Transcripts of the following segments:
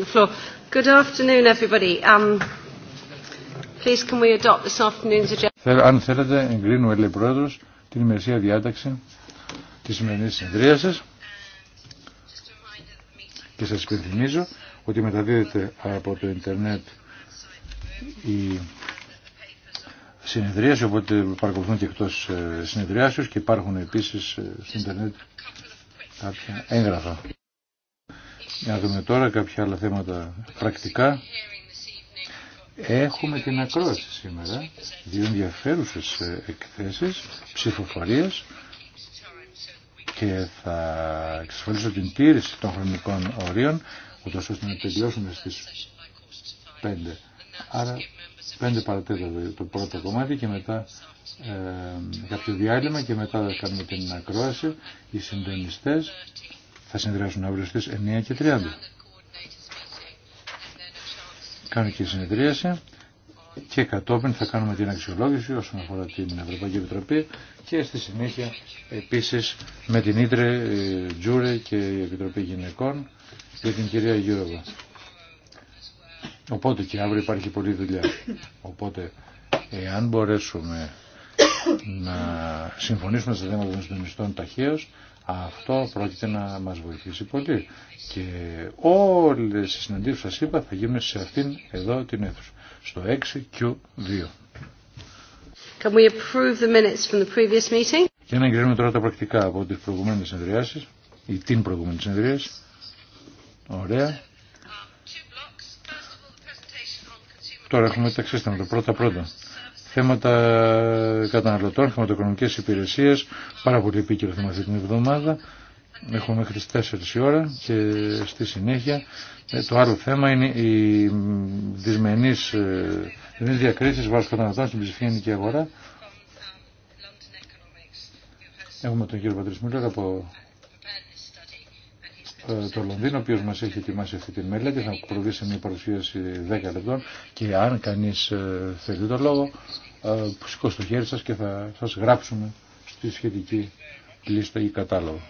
the floor. Good afternoon, everybody. Um, please can we adopt this afternoon's agenda? Αν θέλετε, εγκρίνουμε, λέει Πρόεδρος, την ημερησία διάταξη της σημερινής σας. και σας υπενθυμίζω ότι μεταδίδεται από το ίντερνετ η συνεδρίαση, οπότε παρακολουθούν και εκτός ε, συνεδριάσεως και υπάρχουν επίσης ε, στο ίντερνετ κάποια έγγραφα να δούμε τώρα κάποια άλλα θέματα πρακτικά. Έχουμε την ακρόαση σήμερα, δύο ενδιαφέρουσες ε, εκθέσεις, ψηφοφορίες και θα εξασφαλίσω την τήρηση των χρονικών ορίων, ούτως ώστε να τελειώσουμε στις 5. Άρα 5 παρατέταρτο το πρώτο κομμάτι και μετά ε, κάποιο διάλειμμα και μετά θα κάνουμε την ακρόαση, οι συντονιστές θα συνεδριάσουν αύριο στις 9.30. Κάνω και συνεδρίαση και κατόπιν θα κάνουμε την αξιολόγηση όσον αφορά την Ευρωπαϊκή Επιτροπή και στη συνέχεια επίσης με την Ήτρε, ε, Τζούρε και η Επιτροπή Γυναικών για την κυρία Γιώργα. Οπότε και αύριο υπάρχει πολλή δουλειά. Οπότε εάν μπορέσουμε να συμφωνήσουμε στα θέματα των συντονιστών ταχαίως αυτό πρόκειται να μας βοηθήσει πολύ. Και όλες οι συναντήσεις που σας είπα θα γίνουν σε αυτήν εδώ την αίθουσα. Στο 6Q2. Can we approve the minutes from the previous meeting? Και να εγκρίνουμε τώρα τα πρακτικά από τις προηγουμένες συνεδριάσεις ή την προηγούμενη συνεδρίαση. Ωραία. Um, τώρα έχουμε τα το πρώτα πρώτα θέματα καταναλωτών, χρηματοοικονομικές υπηρεσίες, πάρα πολύ επίκαιρο θέμα αυτή την εβδομάδα. Έχουμε μέχρι τις 4 η ώρα και στη συνέχεια ε, το άλλο θέμα είναι οι ε, δυσμενείς διακρίσεις βάρος καταναλωτών στην ψηφιακή αγορά. Έχουμε τον κύριο Πατρισμούλιο από ε, το Λονδίνο, ο οποίο μα έχει ετοιμάσει αυτή τη μελέτη, θα προβεί μια παρουσίαση 10 λεπτών και αν κανεί ε, θέλει το λόγο, ε, σηκώστε το χέρι σα και θα σα γράψουμε στη σχετική λίστα ή κατάλογο.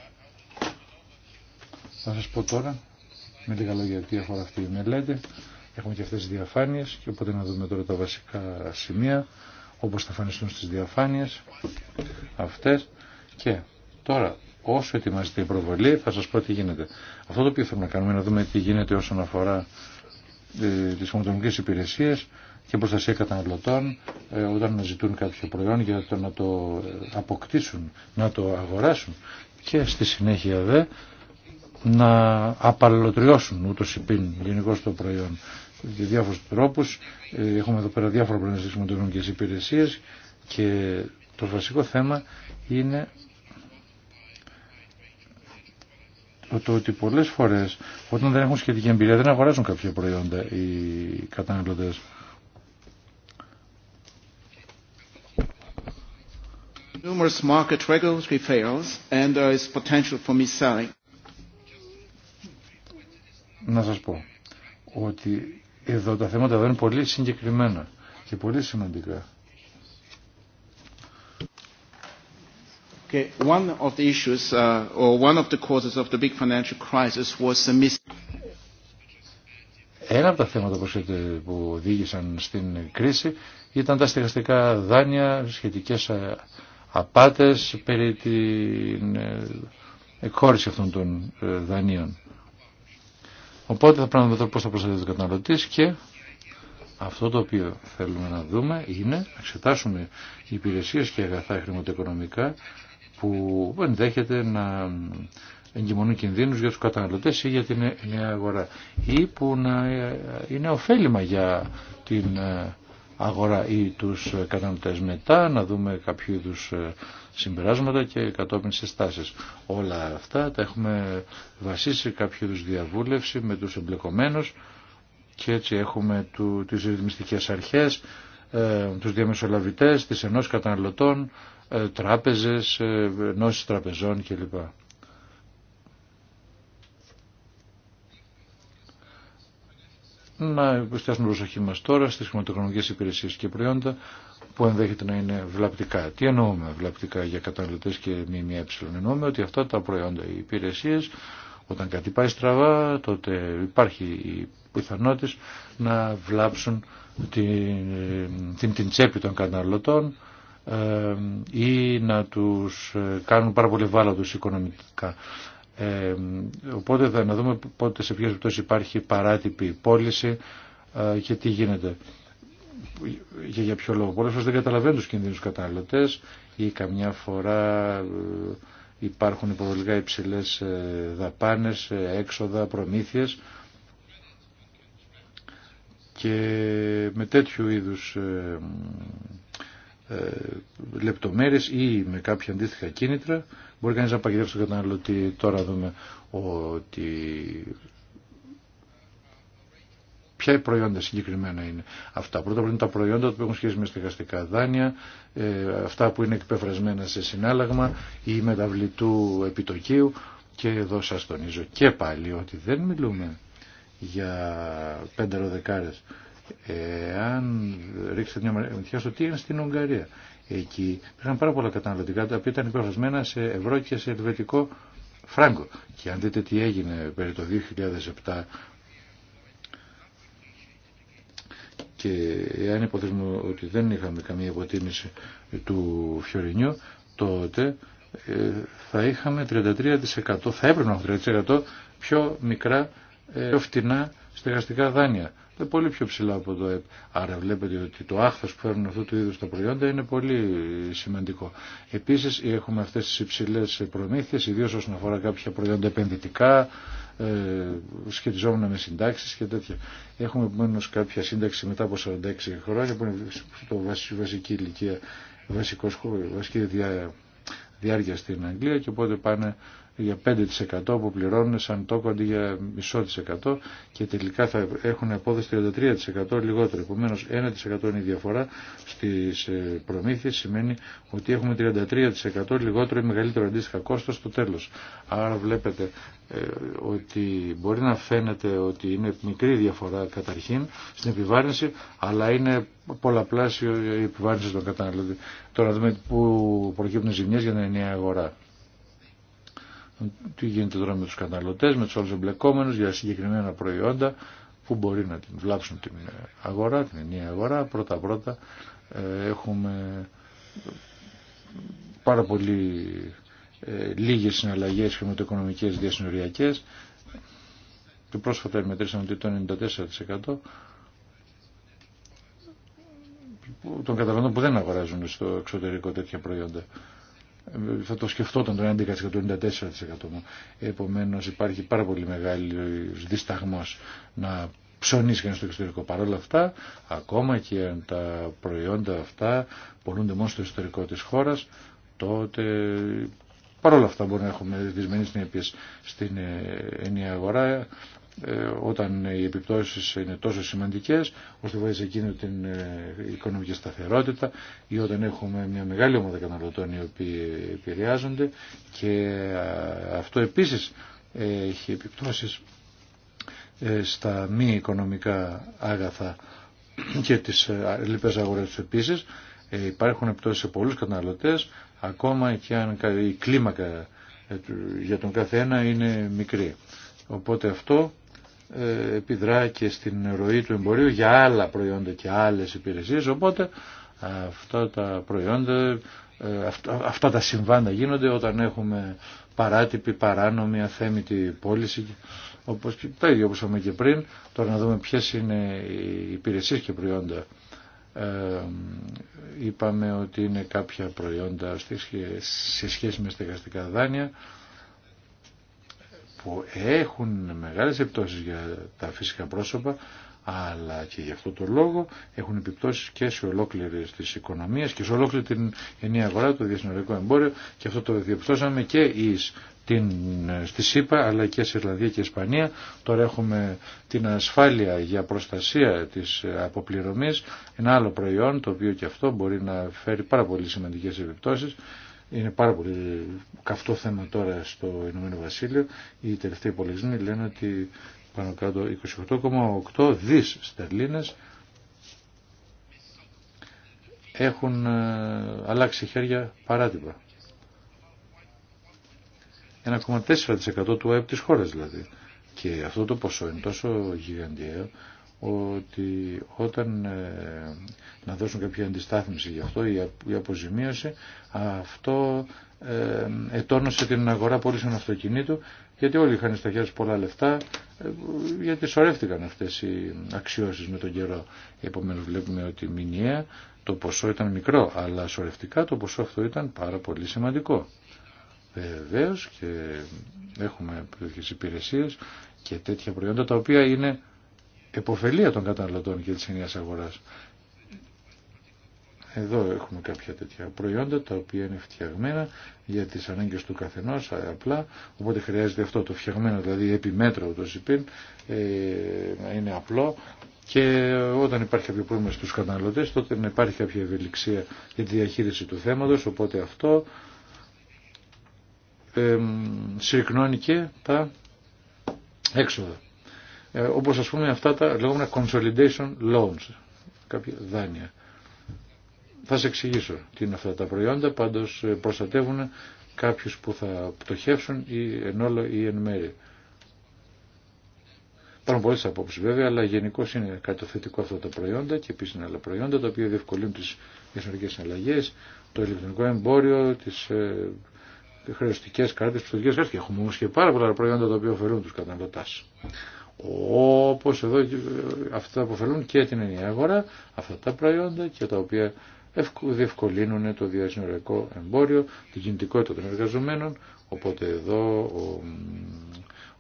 Θα σα πω τώρα με λίγα λόγια τι αφορά αυτή η μελέτη. Έχουμε και αυτέ τι διαφάνειε και οπότε να δούμε τώρα τα βασικά σημεία όπως θα φανιστούν στις διαφάνειες αυτές και τώρα όσο ετοιμάζεται η προβολή θα σας πω τι γίνεται. Αυτό το οποίο θέλουμε να κάνουμε είναι να δούμε τι γίνεται όσον αφορά ε, τις υπηρεσίε υπηρεσίες και προστασία καταναλωτών ε, όταν ζητούν κάποιο προϊόν για να το ε, αποκτήσουν, να το αγοράσουν και στη συνέχεια δε να απαλληλωτριώσουν ούτως υπήν γενικώ το προϊόν για διάφορους τρόπους. Ε, έχουμε εδώ πέρα διάφορα προϊόντα στις υπηρεσίε υπηρεσίες και το βασικό θέμα είναι το ότι πολλές φορές όταν δεν έχουν σχετική εμπειρία δεν αγοράζουν κάποια προϊόντα οι καταναλωτές. Numerous market regulatory fails and there is potential for mis-selling. Να σας πω ότι εδώ τα θέματα δεν είναι πολύ συγκεκριμένα και πολύ σημαντικά. one of one of the uh, of the big ένα από τα θέματα που οδήγησαν στην κρίση ήταν τα στεγαστικά δάνεια, σχετικές ε, απάτες περί την ε, εκχώρηση αυτών των ε, δανείων. Οπότε θα πρέπει να δούμε πώς θα προστατεύεται ο καταναλωτής και αυτό το οποίο θέλουμε να δούμε είναι να εξετάσουμε οι υπηρεσίες και αγαθά χρηματοοικονομικά που ενδέχεται να εγκυμονούν κινδύνους για τους καταναλωτές ή για την νέα αγορά ή που να είναι ωφέλιμα για την ε, αγορά ή τους καταναλωτές μετά να δούμε κάποιο είδου ε, συμπεράσματα και κατόπιν συστάσεις. Όλα αυτά τα έχουμε βασίσει κάποιο είδου διαβούλευση με τους εμπλεκομένους και έτσι έχουμε του, τις ρυθμιστικές αρχές, ε, τους διαμεσολαβητές, τις ενός καταναλωτών, ε, τράπεζες, ε, ενώσεις τραπεζών κλπ. Να υποστιάσουμε προσοχή μας τώρα στις χρηματοοικονομικές υπηρεσίες και προϊόντα που ενδέχεται να είναι βλαπτικά. Τι εννοούμε βλαπτικά για καταναλωτές και μη έψιλον. Εννοούμε ότι αυτά τα προϊόντα, οι υπηρεσίες, όταν κάτι πάει στραβά, τότε υπάρχει η πιθανότητα να βλάψουν την ε, τσέπη των καταναλωτών ή να τους ε, κάνουν πάρα πολύ βάλατους οικονομικά. οπότε θα να δούμε πότε σε ποιες πτώσεις υπάρχει παράτυπη πώληση ε, και τι γίνεται. Και για ποιο λόγο. Πολλές φορές δεν καταλαβαίνουν τους κινδύνους κατάλληλωτες ή καμιά φορά ε, υπάρχουν υποβολικά υψηλές δαπάνες, έξοδα, προμήθειες και με τέτοιου είδους ε, λεπτομέρειες ή με κάποια αντίστοιχα κίνητρα μπορεί κανείς να παγιδεύσει τον καταναλωτή τώρα δούμε ότι ποια προϊόντα συγκεκριμένα είναι αυτά. Πρώτα απ' είναι τα προϊόντα που έχουν σχέση με στεγαστικά δάνεια, ε, αυτά που είναι εκπεφρασμένα σε συνάλλαγμα ή μεταβλητού επιτοκίου και εδώ σας τονίζω και πάλι ότι δεν μιλούμε για πέντε ροδεκάρες Εάν ρίξετε μια ματιά στο τι είναι στην Ουγγαρία, εκεί υπήρχαν πάρα πολλά καταναλωτικά τα οποία ήταν υπερασμένα σε ευρώ και σε ελβετικό φράγκο. Και αν δείτε τι έγινε περί το 2007 και εάν υποθέσουμε ότι δεν είχαμε καμία υποτίμηση του Φιωρινιού, τότε ε, θα είχαμε 33%, θα έπρεπε να έχουμε 33% πιο μικρά, ε, πιο φτηνά στεγαστικά δάνεια. Είναι πολύ πιο ψηλά από το ΕΠ. Άρα βλέπετε ότι το άχθος που φέρνουν αυτού του είδους τα προϊόντα είναι πολύ σημαντικό. Επίσης έχουμε αυτές τις υψηλές προμήθειες, ιδίως όσον αφορά κάποια προϊόντα επενδυτικά, ε, σχετιζόμενα με συντάξεις και τέτοια. Έχουμε επομένως κάποια σύνταξη μετά από 46 χρόνια που είναι το βασική ηλικία, βασική διά, διάρκεια στην Αγγλία και οπότε πάνε για 5% που πληρώνουν σαν τόκο αντί για μισό της εκατό και τελικά θα έχουν απόδοση 33% λιγότερο. Επομένω 1% είναι η διαφορά στι ε, προμήθειε σημαίνει ότι έχουμε 33% λιγότερο ή μεγαλύτερο αντίστοιχα κόστος στο τέλος. Άρα βλέπετε ε, ότι μπορεί να φαίνεται ότι είναι μικρή διαφορά καταρχήν στην επιβάρυνση αλλά είναι πολλαπλάσιο η μεγαλυτερο αντιστοιχα κοστο στο τελο αρα βλεπετε οτι μπορει να φαινεται οτι ειναι μικρη διαφορα καταρχην στην επιβαρυνση αλλα ειναι πολλαπλασιο η επιβαρυνση των καταναλωτών. Τώρα δούμε πού προκύπτουν ζημιές για την ενιαία αγορά τι γίνεται τώρα με τους καταναλωτές, με τους όλους εμπλεκόμενους για συγκεκριμένα προϊόντα που μπορεί να την βλάψουν την αγορά, την ενιαία αγορά. Πρώτα-πρώτα ε, έχουμε πάρα πολύ ε, λίγες συναλλαγές οικονομικές διασυνοριακές και πρόσφατα μετρήσαμε ότι το 94% των καταναλωτών που δεν αγοράζουν στο εξωτερικό τέτοια προϊόντα θα το σκεφτόταν το 11% 94%. Επομένως υπάρχει πάρα πολύ μεγάλος δισταγμός να ψωνίσει κανείς στο εξωτερικό. Παρ' όλα αυτά, ακόμα και αν τα προϊόντα αυτά πολλούνται μόνο στο εσωτερικό της χώρας, τότε παρ' όλα αυτά μπορεί να έχουμε δυσμενείς στην ε, ενιαία αγορά. Ε, όταν οι επιπτώσεις είναι τόσο σημαντικές ώστε να εκείνο την ε, οικονομική σταθερότητα ή όταν έχουμε μια μεγάλη ομάδα καταναλωτών οι οποίοι επηρεάζονται και ε, αυτό επίσης έχει επιπτώσεις στα μη οικονομικά άγαθα και τις λοιπές αγορές επίσης υπάρχουν επιπτώσεις σε πολλούς καταναλωτές ακόμα και αν η κλίμακα για τον καθένα είναι μικρή. Οπότε αυτό ε, επιδρά και στην ροή του εμπορίου για άλλα προϊόντα και άλλες υπηρεσίες οπότε αυτά τα προϊόντα ε, αυτά τα συμβάντα γίνονται όταν έχουμε παράτυπη, παράνομη, αθέμητη πώληση όπως και τα ίδια όπως είπαμε και πριν τώρα να δούμε ποιες είναι οι υπηρεσίες και προϊόντα ε, είπαμε ότι είναι κάποια προϊόντα σε σχέση με στεγαστικά δάνεια που έχουν μεγάλες επιπτώσεις για τα φυσικά πρόσωπα αλλά και γι' αυτό το λόγο έχουν επιπτώσεις και σε ολόκληρε τι οικονομίε και σε ολόκληρη την ενιαία αγορά, το διασυνορικό εμπόριο και αυτό το διαπιστώσαμε και εις την, στη ΣΥΠΑ αλλά και σε Ιρλανδία και Ισπανία. Τώρα έχουμε την ασφάλεια για προστασία της αποπληρωμής, ένα άλλο προϊόν το οποίο και αυτό μπορεί να φέρει πάρα πολύ σημαντικές επιπτώσεις είναι πάρα πολύ καυτό θέμα τώρα στο Ηνωμένο Βασίλειο. Οι τελευταίοι υπολογισμοί λένε ότι πάνω κάτω 28,8 δις στερλίνες έχουν ε, αλλάξει χέρια παράτυπα. 1,4% του ΑΕΠ της χώρας δηλαδή. Και αυτό το ποσό είναι τόσο γιγαντιαίο ότι όταν ε, να δώσουν κάποια αντιστάθμιση γι' αυτό η αποζημίωση αυτό ε, την αγορά σαν αυτοκινήτου γιατί όλοι είχαν στα χέρια πολλά λεφτά ε, γιατί σωρεύτηκαν αυτές οι αξιώσεις με τον καιρό επομένως βλέπουμε ότι μηνιαία το ποσό ήταν μικρό αλλά σωρευτικά το ποσό αυτό ήταν πάρα πολύ σημαντικό Βεβαίω και έχουμε υπηρεσίε και τέτοια προϊόντα τα οποία είναι εποφελία των καταναλωτών και της ενιαίας αγοράς. Εδώ έχουμε κάποια τέτοια προϊόντα τα οποία είναι φτιαγμένα για τις ανάγκες του καθενός απλά, οπότε χρειάζεται αυτό το φτιαγμένο δηλαδή επιμέτρο το ΣΥΠΗΝ ε, είναι απλό και όταν υπάρχει κάποιο πρόβλημα στους καταναλωτές τότε να υπάρχει κάποια ευελιξία για τη διαχείριση του θέματος οπότε αυτό ε, συρρυκνώνει και τα έξοδα ε, όπως ας πούμε αυτά τα λεγόμενα consolidation loans, κάποια δάνεια. Θα σε εξηγήσω τι είναι αυτά τα προϊόντα, πάντως ε, προστατεύουν κάποιους που θα πτωχεύσουν ή εν όλο ή εν μέρη. Υπάρχουν πολλές απόψεις βέβαια, αλλά γενικώ είναι κάτι αυτά τα προϊόντα και επίσης είναι άλλα προϊόντα τα οποία διευκολύνουν τις ισορικές αλλαγές το ηλεκτρονικό εμπόριο, τις ε, χρεωστικές κάρτες, τις κάρτες και έχουμε όμως και πάρα πολλά προϊόντα τα οποία ωφελούν τους καταναλωτάς όπως εδώ αυτά αποφελούν και την ενιαία αγορά, αυτά τα προϊόντα και τα οποία διευκολύνουν το διασυνοριακό εμπόριο, την κινητικότητα των εργαζομένων, οπότε εδώ ο,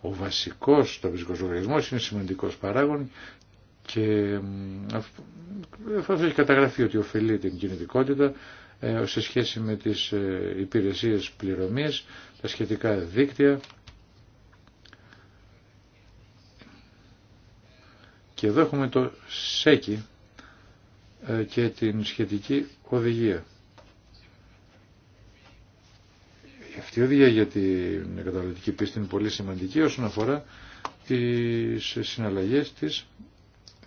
ο βασικός τοπικός λογαριασμός είναι σημαντικός παράγον και αυτό έχει καταγραφεί ότι ωφελεί την κινητικότητα ε, σε σχέση με τις ε, υπηρεσίες πληρωμής, τα σχετικά δίκτυα Και εδώ έχουμε το ΣΕΚΙ ε, και την σχετική οδηγία. Αυτή η οδηγία για την καταναλωτική πίστη είναι πολύ σημαντική όσον αφορά τις συναλλαγές της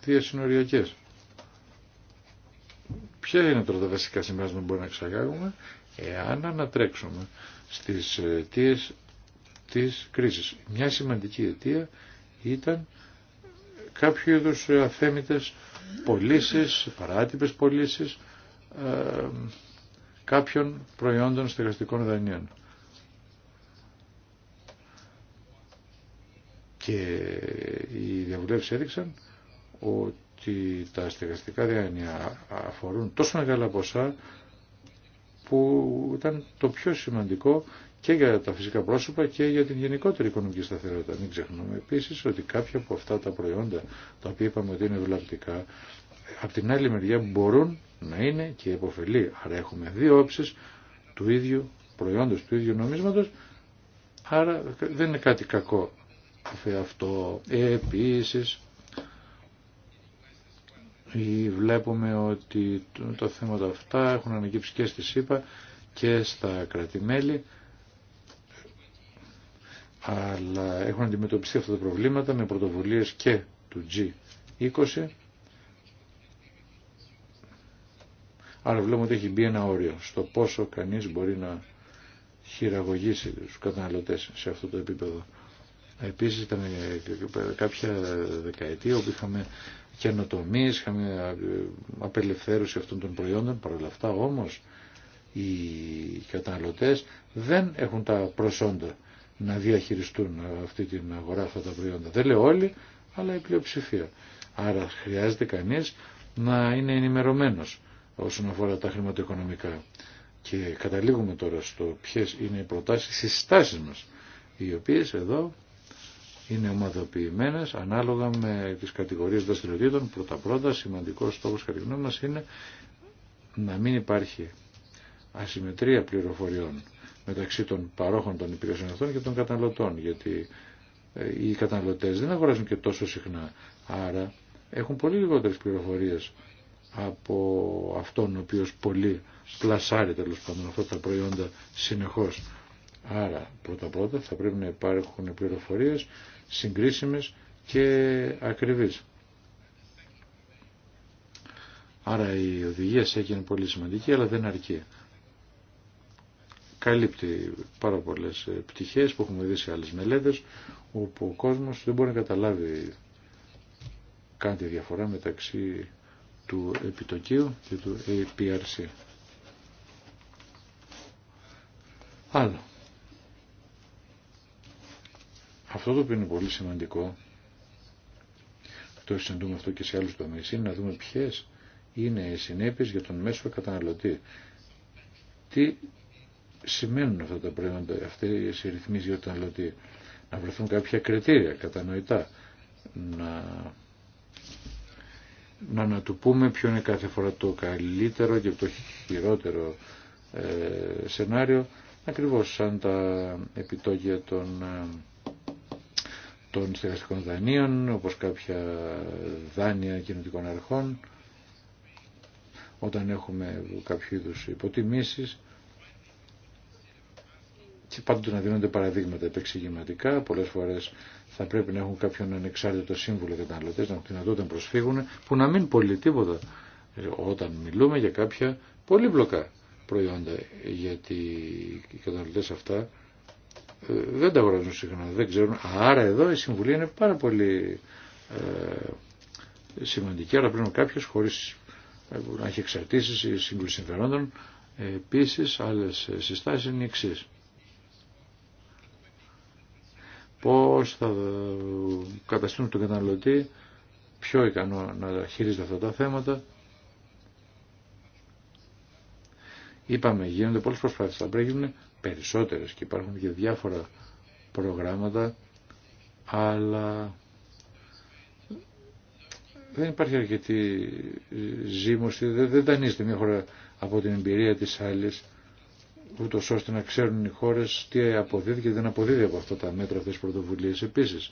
διασυνοριακές. Ποια είναι τώρα τα βασικά σημεία που μπορούμε να εξαγάγουμε εάν ανατρέξουμε στις αιτίες της κρίσης. Μια σημαντική αιτία ήταν κάποιο είδου αθέμητε πωλήσει, παράτυπες πωλήσει ε, κάποιων προϊόντων στεγαστικών δανείων. Και οι διαβουλεύσει έδειξαν ότι τα στεγαστικά δάνεια αφορούν τόσο μεγάλα ποσά που ήταν το πιο σημαντικό και για τα φυσικά πρόσωπα και για την γενικότερη οικονομική σταθερότητα. Μην ξεχνούμε επίσης ότι κάποια από αυτά τα προϊόντα τα οποία είπαμε ότι είναι βλαπτικά από την άλλη μεριά μπορούν να είναι και υποφελή. Άρα έχουμε δύο όψεις του ίδιου προϊόντος, του ίδιου νομίσματος άρα δεν είναι κάτι κακό αυτό. Επίσης βλέπουμε ότι τα θέματα αυτά έχουν ανακύψει και στη ΣΥΠΑ και στα κρατημέλη αλλά έχουν αντιμετωπιστεί αυτά τα προβλήματα με πρωτοβουλίες και του G20. Άρα βλέπουμε ότι έχει μπει ένα όριο στο πόσο κανείς μπορεί να χειραγωγήσει τους καταναλωτές σε αυτό το επίπεδο. Επίσης ήταν κάποια δεκαετία όπου είχαμε καινοτομίες, είχαμε απελευθέρωση αυτών των προϊόντων, παρ' όλα αυτά όμως οι καταναλωτές δεν έχουν τα προσόντα να διαχειριστούν αυτή την αγορά αυτά τα προϊόντα. Δεν λέω όλοι, αλλά η πλειοψηφία. Άρα χρειάζεται κανείς να είναι ενημερωμένος όσον αφορά τα χρηματοοικονομικά. Και καταλήγουμε τώρα στο ποιες είναι οι προτάσεις, οι συστάσεις μας, οι οποίες εδώ είναι ομαδοποιημένες ανάλογα με τις κατηγορίες δραστηριοτήτων. Πρώτα-πρώτα σημαντικός στόχος κατά μας είναι να μην υπάρχει ασυμμετρία πληροφοριών μεταξύ των παρόχων των υπηρεσιών αυτών και των καταναλωτών, γιατί ε, οι καταναλωτέ δεν αγοράζουν και τόσο συχνά, άρα έχουν πολύ λιγότερε πληροφορίε από αυτόν ο οποίο πολύ πλασάρει τέλο πάντων αυτά τα προϊόντα συνεχώ. Άρα πρώτα πρώτα θα πρέπει να υπάρχουν πληροφορίε συγκρίσιμε και ακριβεί. Άρα η οδηγία σε είναι πολύ σημαντική αλλά δεν αρκεί καλύπτει πάρα πολλές ε, πτυχές που έχουμε δει σε άλλες μελέτες όπου ο κόσμος δεν μπορεί να καταλάβει καν τη διαφορά μεταξύ του επιτοκίου και του APRC. Άλλο. Αυτό το οποίο είναι πολύ σημαντικό, το συναντούμε αυτό και σε άλλους τομείς, είναι να δούμε ποιες είναι οι συνέπειες για τον μέσο καταναλωτή. Τι σημαίνουν αυτά τα πράγματα, Αυτέ οι ρυθμίσει για λέω ότι Να βρεθούν κάποια κριτήρια κατανοητά. Να, να, του πούμε ποιο είναι κάθε φορά το καλύτερο και το χειρότερο ε, σενάριο ακριβώς σαν τα επιτόκια των, ε, των στεγαστικών δανείων όπως κάποια δάνεια κοινωτικών αρχών όταν έχουμε κάποιο είδου υποτιμήσεις και πάντοτε να δίνονται παραδείγματα επεξηγηματικά. Πολλές φορές θα πρέπει να έχουν κάποιον ανεξάρτητο σύμβουλο καταναλωτές, να έχουν δυνατότητα να προσφύγουν, που να μην πολύ τίποτα ε, όταν μιλούμε για κάποια πολύπλοκα προϊόντα, γιατί οι καταναλωτές αυτά ε, δεν τα αγοράζουν συχνά, δεν ξέρουν. Άρα εδώ η συμβουλή είναι πάρα πολύ ε, σημαντική, Άρα πρέπει κάποιο χωρί να έχει εξαρτήσει ή σύγκρουση συμφερόντων. Επίσης, άλλες συστάσεις είναι οι εξής. πώς θα καταστούν τον καταναλωτή πιο ικανό να χειρίζεται αυτά τα θέματα. Είπαμε, γίνονται πολλές προσπάθειες, θα πρέπει να γίνουν περισσότερες και υπάρχουν και διάφορα προγράμματα, αλλά δεν υπάρχει αρκετή ζήμωση, δεν, δεν μια χώρα από την εμπειρία της άλλης ούτω ώστε να ξέρουν οι χώρε τι αποδίδει και δεν αποδίδει από αυτά τα μέτρα αυτέ τι πρωτοβουλίε. Επίση,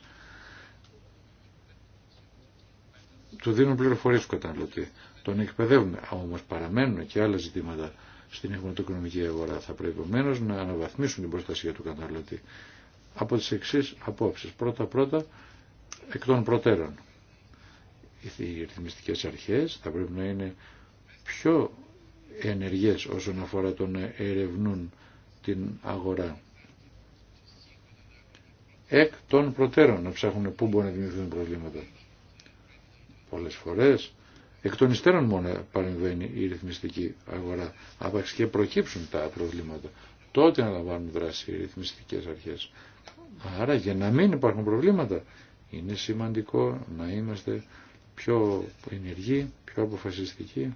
του δίνουν πληροφορίε του καταναλωτή, τον εκπαιδεύουμε. Όμω παραμένουν και άλλα ζητήματα στην χρηματοοικονομική αγορά. Θα πρέπει ομένω να αναβαθμίσουν την προστασία του καταναλωτή. Από τι εξή απόψει. Πρώτα-πρώτα, εκ των προτέρων. Οι ρυθμιστικέ αρχέ θα πρέπει να είναι πιο ενεργές όσον αφορά να ερευνούν την αγορά. Εκ των προτέρων να ψάχνουν πού μπορεί να δημιουργηθούν προβλήματα. Πολλές φορές εκ των υστέρων μόνο παρεμβαίνει η ρυθμιστική αγορά. Άπαξ και προκύψουν τα προβλήματα. Τότε αναλαμβάνουν δράση οι ρυθμιστικές αρχές. Άρα για να μην υπάρχουν προβλήματα είναι σημαντικό να είμαστε πιο ενεργοί, πιο αποφασιστικοί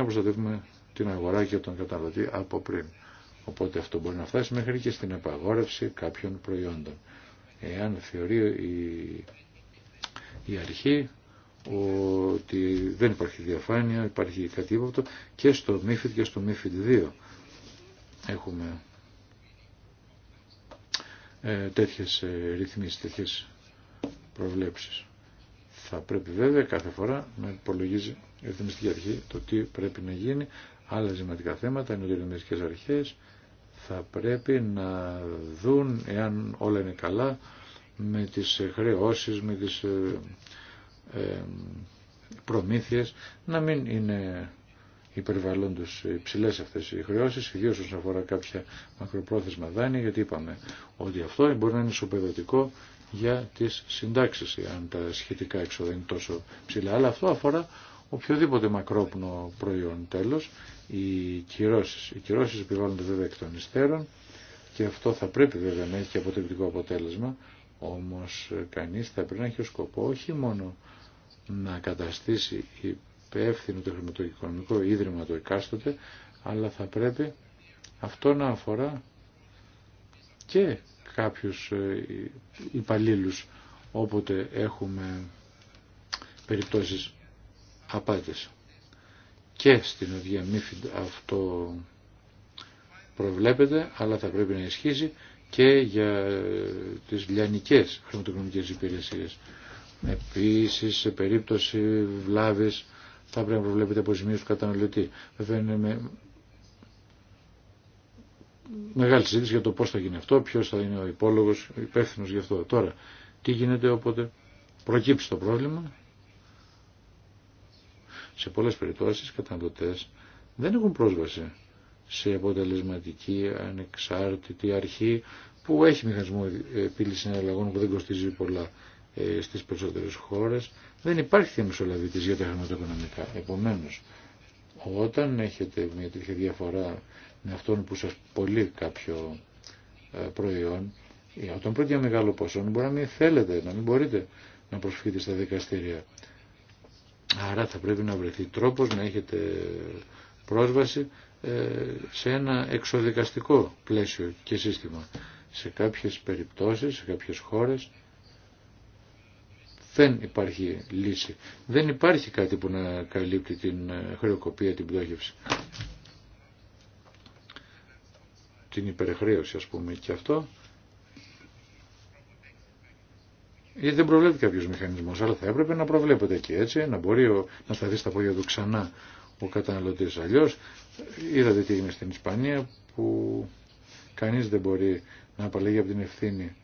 να προστατεύουμε την αγορά και τον καταναλωτή από πριν. Οπότε αυτό μπορεί να φτάσει μέχρι και στην επαγόρευση κάποιων προϊόντων. Εάν θεωρεί η, η αρχή ότι δεν υπάρχει διαφάνεια, υπάρχει κάτι ύποπτο και στο MIFID και στο MIFID 2 έχουμε ε, τέτοιες ε, ρυθμίσεις, τέτοιες προβλέψεις. Θα πρέπει βέβαια κάθε φορά να υπολογίζει ρυθμιστική αρχή το τι πρέπει να γίνει. Άλλα ζηματικά θέματα είναι ότι οι ρυθμιστικές αρχές θα πρέπει να δουν εάν όλα είναι καλά με τις χρεώσεις, με τις ε, ε, προμήθειες, να μην είναι υπερβαλλόντως υψηλές αυτές οι χρεώσεις, ιδίως όσον αφορά κάποια μακροπρόθεσμα δάνεια, γιατί είπαμε ότι αυτό μπορεί να είναι σοπεδωτικό για τις συντάξεις, αν τα σχετικά έξοδα είναι τόσο ψηλά. Αλλά αυτό αφορά οποιοδήποτε μακρόπνο προϊόν. Τέλος, οι κυρώσεις. Οι κυρώσεις επιβάλλονται βέβαια εκ των υστέρων και αυτό θα πρέπει βέβαια να έχει και αποτελεπτικό αποτέλεσμα, όμως κανείς θα πρέπει να έχει ως σκοπό όχι μόνο να καταστήσει υπεύθυνο το χρηματοοικονομικό ίδρυμα το εκάστοτε, αλλά θα πρέπει αυτό να αφορά και κάποιους ε, υπαλλήλους όποτε έχουμε περιπτώσεις απάντησε. Και στην οδηγία αυτό προβλέπεται, αλλά θα πρέπει να ισχύσει και για τις λιανικές χρηματοοικονομικές υπηρεσίες. Επίσης, σε περίπτωση βλάβης θα πρέπει να προβλέπεται αποζημίωση του καταναλωτή. Βέβαια είναι με... μεγάλη συζήτηση για το πώς θα γίνει αυτό, ποιος θα είναι ο υπόλογος, υπεύθυνο γι' αυτό. Τώρα, τι γίνεται όποτε προκύψει το πρόβλημα, σε πολλές περιπτώσεις οι καταναλωτές δεν έχουν πρόσβαση σε αποτελεσματική ανεξάρτητη αρχή που έχει μηχανισμό επίλυση συναλλαγών που δεν κοστίζει πολλά ε, στις περισσότερες χώρες. Δεν υπάρχει διαμεσολαβητής για τα χρηματοοικονομικά. Επομένως, όταν έχετε μια τέτοια διαφορά με αυτόν που σας πωλεί κάποιο ε, προϊόν, ε, όταν πρόκειται για μεγάλο ποσό, μπορεί να μην θέλετε, να μην μπορείτε να προσφύγετε στα δικαστήρια. Άρα θα πρέπει να βρεθεί τρόπος να έχετε πρόσβαση ε, σε ένα εξοδικαστικό πλαίσιο και σύστημα. Σε κάποιες περιπτώσεις, σε κάποιες χώρες δεν υπάρχει λύση. Δεν υπάρχει κάτι που να καλύπτει την ε, χρεοκοπία, την πτώχευση. Την υπερχρέωση ας πούμε και αυτό Γιατί δεν προβλέπει κάποιο μηχανισμό, αλλά θα έπρεπε να προβλέπεται και έτσι, να μπορεί ο, να σταθεί στα πόδια του ξανά ο καταναλωτή. Αλλιώ είδατε τι έγινε στην Ισπανία που κανεί δεν μπορεί να απαλλαγεί από την ευθύνη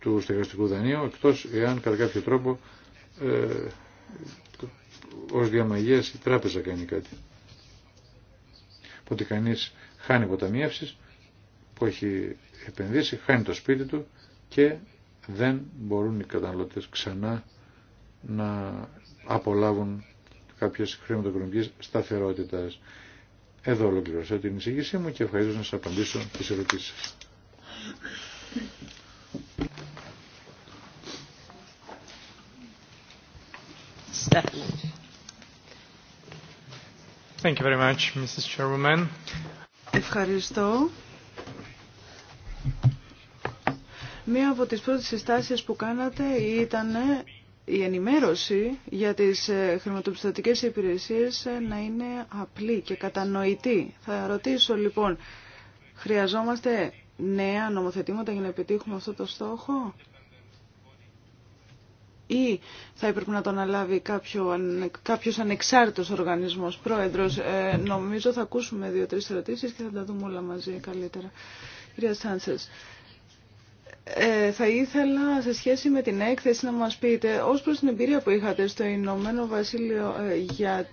του στεγαστικού δανείου εκτό εάν κατά κάποιο τρόπο ε, ως διαμαγείας η τράπεζα κάνει κάτι. Οπότε κανεί χάνει ποταμιεύσει που έχει επενδύσει, χάνει το σπίτι του και δεν μπορούν οι καταναλωτές ξανά να απολάβουν κάποιες χρηματοοικονομικής σταθερότητας. Εδώ ολοκληρώσα την εισηγήσή μου και ευχαριστώ να σας απαντήσω τις ερωτήσεις Thank you very much, Mrs. Chairwoman. Ευχαριστώ. Μία από τις πρώτες συστάσεις που κάνατε ήταν η ενημέρωση για τις ε, χρηματοπιστωτικές υπηρεσίες ε, να είναι απλή και κατανοητή. Θα ρωτήσω λοιπόν, χρειαζόμαστε νέα νομοθετήματα για να επιτύχουμε αυτό το στόχο ή θα έπρεπε να το αναλάβει κάποιο, κάποιος ανεξάρτητος οργανισμός, πρόεδρος. Ε, νομίζω θα ακούσουμε δύο-τρεις ερωτήσεις και θα τα δούμε όλα μαζί καλύτερα. Κυρία ε, θα ήθελα σε σχέση με την έκθεση να μας πείτε ως προς την εμπειρία που είχατε στο Ηνωμένο Βασίλειο ε, για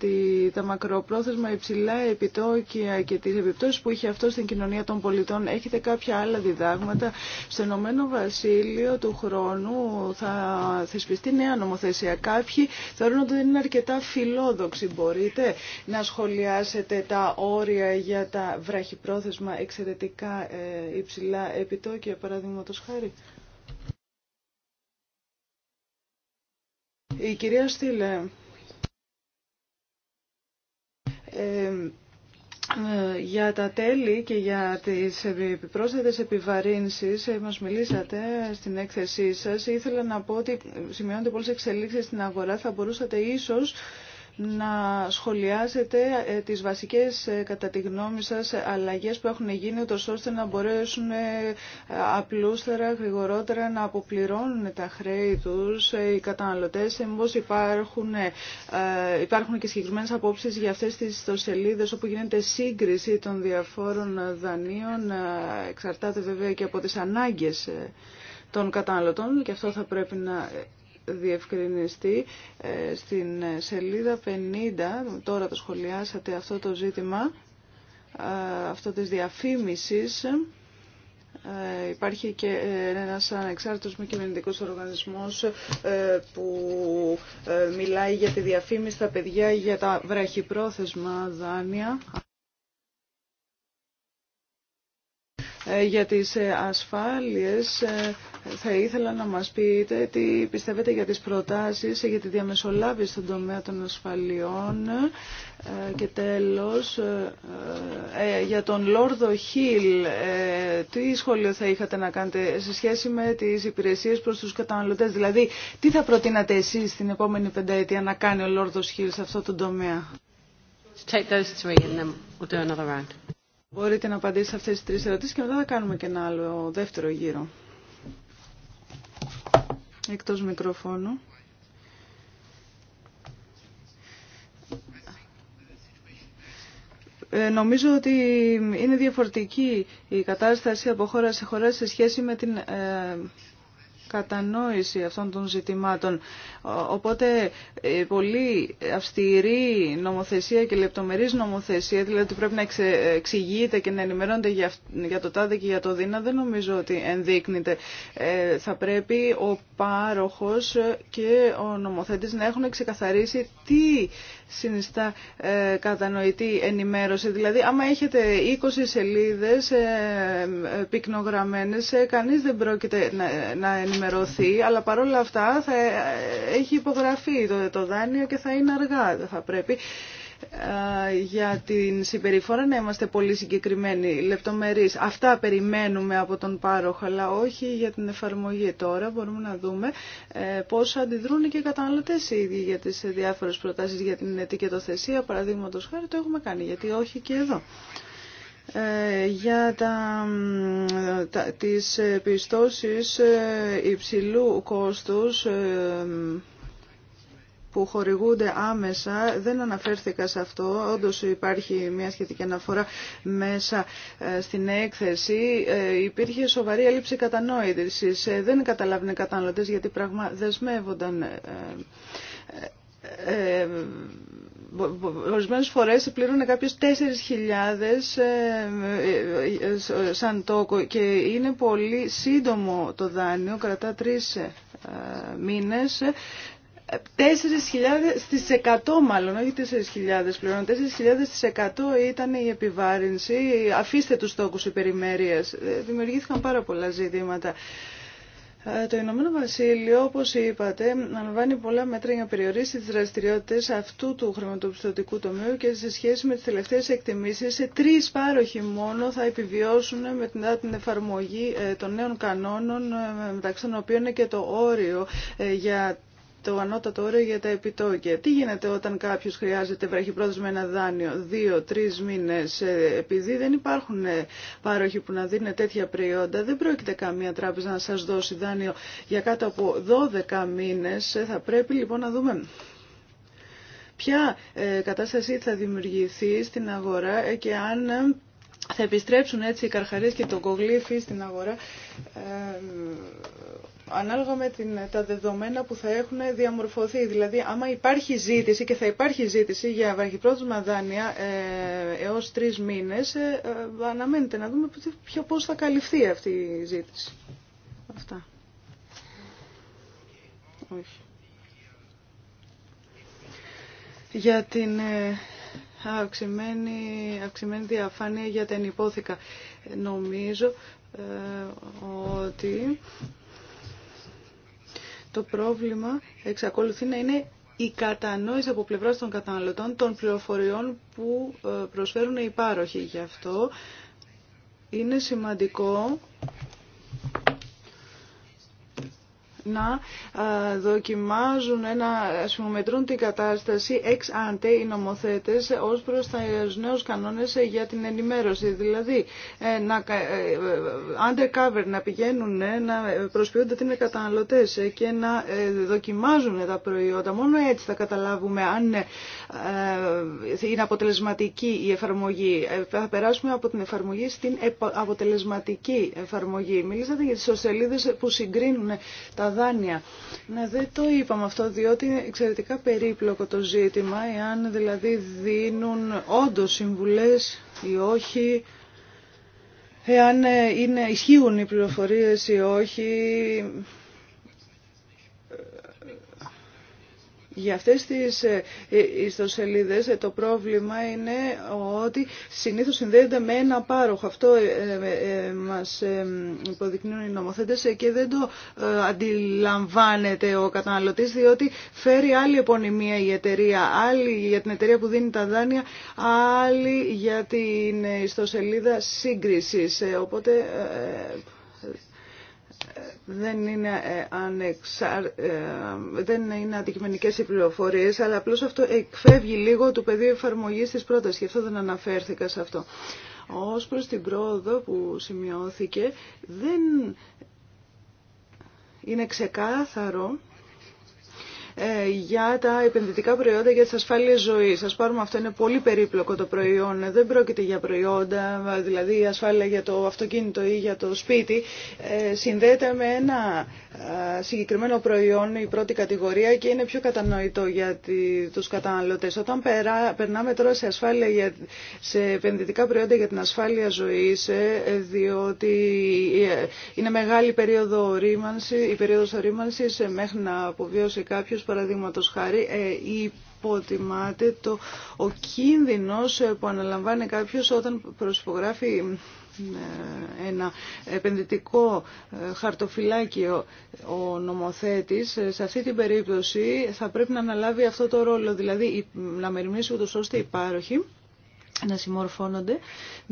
τα μακροπρόθεσμα υψηλά επιτόκια και τις επιπτώσεις που είχε αυτό στην κοινωνία των πολιτών έχετε κάποια άλλα διδάγματα στο Ηνωμένο Βασίλειο του χρόνου θα θεσπιστεί νέα νομοθεσία κάποιοι θεωρούν ότι δεν είναι αρκετά φιλόδοξοι μπορείτε να σχολιάσετε τα όρια για τα βραχυπρόθεσμα εξαιρετικά ε, υψηλά επιτόκια παραδείγματος χάρη η κυρία Στήλε, ε, για τα τέλη και για τις επιπρόσθετες επιβαρύνσεις ε, μας μιλήσατε στην έκθεσή σας. Ήθελα να πω ότι σημειώνονται πολλές εξελίξεις στην αγορά. Θα μπορούσατε ίσως να σχολιάσετε ε, τις βασικές, ε, κατά τη γνώμη σας, αλλαγές που έχουν γίνει, ώστε να μπορέσουν ε, απλούστερα, γρηγορότερα να αποπληρώνουν τα χρέη τους οι καταναλωτές, μήπως υπάρχουν, υπάρχουν και συγκεκριμένε απόψεις για αυτές τις ιστοσελίδες όπου γίνεται σύγκριση των διαφόρων δανείων, εξαρτάται βέβαια και από τις ανάγκες των καταναλωτών και αυτό θα πρέπει να διευκρινιστεί ε, στην σελίδα 50, τώρα το σχολιάσατε αυτό το ζήτημα, ε, αυτό της διαφήμισης, ε, υπάρχει και ένας ανεξάρτητος μη κυβερνητικός οργανισμός που μιλάει για τη διαφήμιση στα παιδιά για τα βραχυπρόθεσμα δάνεια. για τις ασφάλειες θα ήθελα να μας πείτε τι πιστεύετε για τις προτάσεις για τη διαμεσολάβηση στον τομέα των ασφαλιών ε, και τέλος ε, ε, για τον Λόρδο Χίλ τι σχόλιο θα είχατε να κάνετε σε σχέση με τις υπηρεσίες προς τους καταναλωτές δηλαδή τι θα προτείνατε εσείς στην επόμενη πενταετία να κάνει ο Λόρδος Χίλ σε αυτό το τομέα Μπορείτε να απαντήσετε σε αυτές τις τρεις ερωτήσεις και μετά θα κάνουμε και ένα άλλο δεύτερο γύρο εκτός μικροφώνου. Ε, νομίζω ότι είναι διαφορετική η κατάσταση από χώρα σε χώρα σε σχέση με την ε, κατανόηση αυτών των ζητημάτων. Οπότε ε, πολύ αυστηρή νομοθεσία και λεπτομερής νομοθεσία, δηλαδή ότι πρέπει να εξηγείται και να ενημερώνεται για το τάδε και για το δίνα, δεν νομίζω ότι ενδείκνεται. Ε, θα πρέπει ο πάροχος και ο νομοθέτης να έχουν ξεκαθαρίσει τι συνιστά ε, κατανοητή ενημέρωση. Δηλαδή, άμα έχετε 20 σελίδες πυκνογραμμένες, κανείς δεν πρόκειται να ενημερώσει αλλά παρόλα αυτά θα έχει υπογραφεί το, δάνειο και θα είναι αργά. Θα πρέπει για την συμπεριφορά να είμαστε πολύ συγκεκριμένοι, λεπτομερείς. Αυτά περιμένουμε από τον πάροχο, αλλά όχι για την εφαρμογή τώρα. Μπορούμε να δούμε ε, πώς αντιδρούν και οι καταναλωτές οι ίδιοι για τις διάφορες προτάσεις για την ετικετοθεσία. Παραδείγματος χάρη το έχουμε κάνει, γιατί όχι και εδώ. Ε, για τα, τα, τις ε, πιστώσεις ε, υψηλού κόστους που χορηγούνται άμεσα, δεν αναφέρθηκα σε αυτό, όντως υπάρχει μια σχετική αναφορά μέσα στην έκθεση, υπήρχε σοβαρή έλλειψη κατανόησης, δεν καταλάβουν οι γιατί πράγμα δεσμεύονταν Ορισμένε φορές πλήρωνε κάποιος 4.000 σαν τόκο και είναι πολύ σύντομο το δάνειο, κρατά τρεις ε, μήνες 4.000 ε, στις 100 μάλλον, όχι 4.000 πλέον, 4.000 στις 100 ήταν η επιβάρυνση, αφήστε τους τόκους υπερημέρειας. Ε, δημιουργήθηκαν πάρα πολλά ζητήματα. Ε, το Ηνωμένο Βασίλειο, όπως είπατε, αναλαμβάνει πολλά μέτρα για να περιορίσει τις δραστηριότητες αυτού του χρηματοπιστωτικού τομέου και σε σχέση με τις τελευταίες εκτιμήσεις, σε τρεις πάροχοι μόνο θα επιβιώσουν με την εφαρμογή ε, των νέων κανόνων, ε, μεταξύ των οποίων είναι και το όριο για το ανώτατο όριο για τα επιτόκια. Τι γίνεται κάποιο κάποιος χρειάζεται βραχυπρόθεσμα ένα δάνειο δύο-τρει μήνες ε, επειδή δεν υπάρχουν ε, πάροχοι που να δίνουν τέτοια προϊόντα. Δεν πρόκειται καμία τράπεζα να σα δώσει δάνειο για κάτω από 12 μήνες. Ε, θα πρέπει λοιπόν να δούμε ποια κατάσταση θα δημιουργηθεί στην αγορά και αν θα επιστρέψουν έτσι οι καρχαρίες και το κογλίφι στην αγορά ανάλογα με την, τα δεδομένα που θα έχουν διαμορφωθεί. Δηλαδή, άμα υπάρχει ζήτηση και θα υπάρχει ζήτηση για βαρχιπρόθεσμα δάνεια ε, έως τρεις μήνες, ε, ε αναμένεται να δούμε ποιο, πώς θα καλυφθεί αυτή η ζήτηση. Αυτά. Όχι. Για την ε, αυξημένη, αυξημένη διαφάνεια για την ενυπόθηκα. Ε, νομίζω ότι το πρόβλημα εξακολουθεί να είναι η κατανόηση από πλευρά των καταναλωτών των πληροφοριών που ε, προσφέρουν οι πάροχοι. Γι' αυτό είναι σημαντικό να δοκιμάζουν, να συμμετρούν την κατάσταση εξ άντε οι νομοθέτες ως προς τους νέους κανόνες για την ενημέρωση. Δηλαδή, ε, να, ε, ε, undercover να πηγαίνουν, να προσποιούνται ότι είναι καταναλωτές και να δοκιμάζουν τα προϊόντα. Μόνο έτσι θα καταλάβουμε αν είναι αποτελεσματική η εφαρμογή. Θα περάσουμε από την εφαρμογή στην αποτελεσματική εφαρμογή. Μιλήσατε για τις που συγκρίνουν τα δάνεια. Ναι, δεν το είπαμε αυτό, διότι είναι εξαιρετικά περίπλοκο το ζήτημα, εάν δηλαδή δίνουν όντως συμβουλές ή όχι, εάν ε, είναι, ισχύουν οι πληροφορίες ή όχι, Για αυτές τις ε, ε, ιστοσελίδες ε, το πρόβλημα είναι ότι συνήθως συνδέεται με ένα πάροχο. Αυτό μας υποδεικνύουν οι νομοθέτες και δεν το αντιλαμβάνεται ο καταναλωτής διότι φέρει άλλη επωνυμία η εταιρεία, άλλη για την εταιρεία που δίνει τα δάνεια, άλλη για την ιστοσελίδα σύγκρισης. Οπότε δεν είναι, ε, ανεξάρ... Ε, δεν είναι αντικειμενικές οι πληροφορίες, αλλά απλώς αυτό εκφεύγει λίγο του πεδίου εφαρμογής της πρότασης. Γι' αυτό δεν αναφέρθηκα σε αυτό. Ως προς την πρόοδο που σημειώθηκε, δεν είναι ξεκάθαρο ε, για τα επενδυτικά προϊόντα για τις ασφάλειες ζωής. Α πάρουμε αυτό είναι πολύ περίπλοκο το προϊόν. Δεν πρόκειται για προϊόντα, δηλαδή η ασφάλεια για το αυτοκίνητο ή για το σπίτι. Ε, συνδέεται με ένα ε, συγκεκριμένο προϊόν η πρώτη κατηγορία και είναι πιο κατανοητό για τους καταναλωτές. Όταν περνάμε τώρα σε, ασφάλεια, σε επενδυτικά προϊόντα για την ασφάλεια ζωής, διότι είναι μεγάλη περίοδο ορίμανση, η περίοδος ορίμανσης μέχρι να αποβιώσει κάποιο Παραδείγματο παραδείγματος χάρη, ε, υποτιμάται το, ο κίνδυνος ε, που αναλαμβάνει κάποιος όταν προσυπογράφει ε, ένα επενδυτικό χαρτοφυλάκιο ο νομοθέτης σε αυτή την περίπτωση θα πρέπει να αναλάβει αυτό το ρόλο δηλαδή να μεριμνήσει ούτως ώστε οι πάροχοι να συμμορφώνονται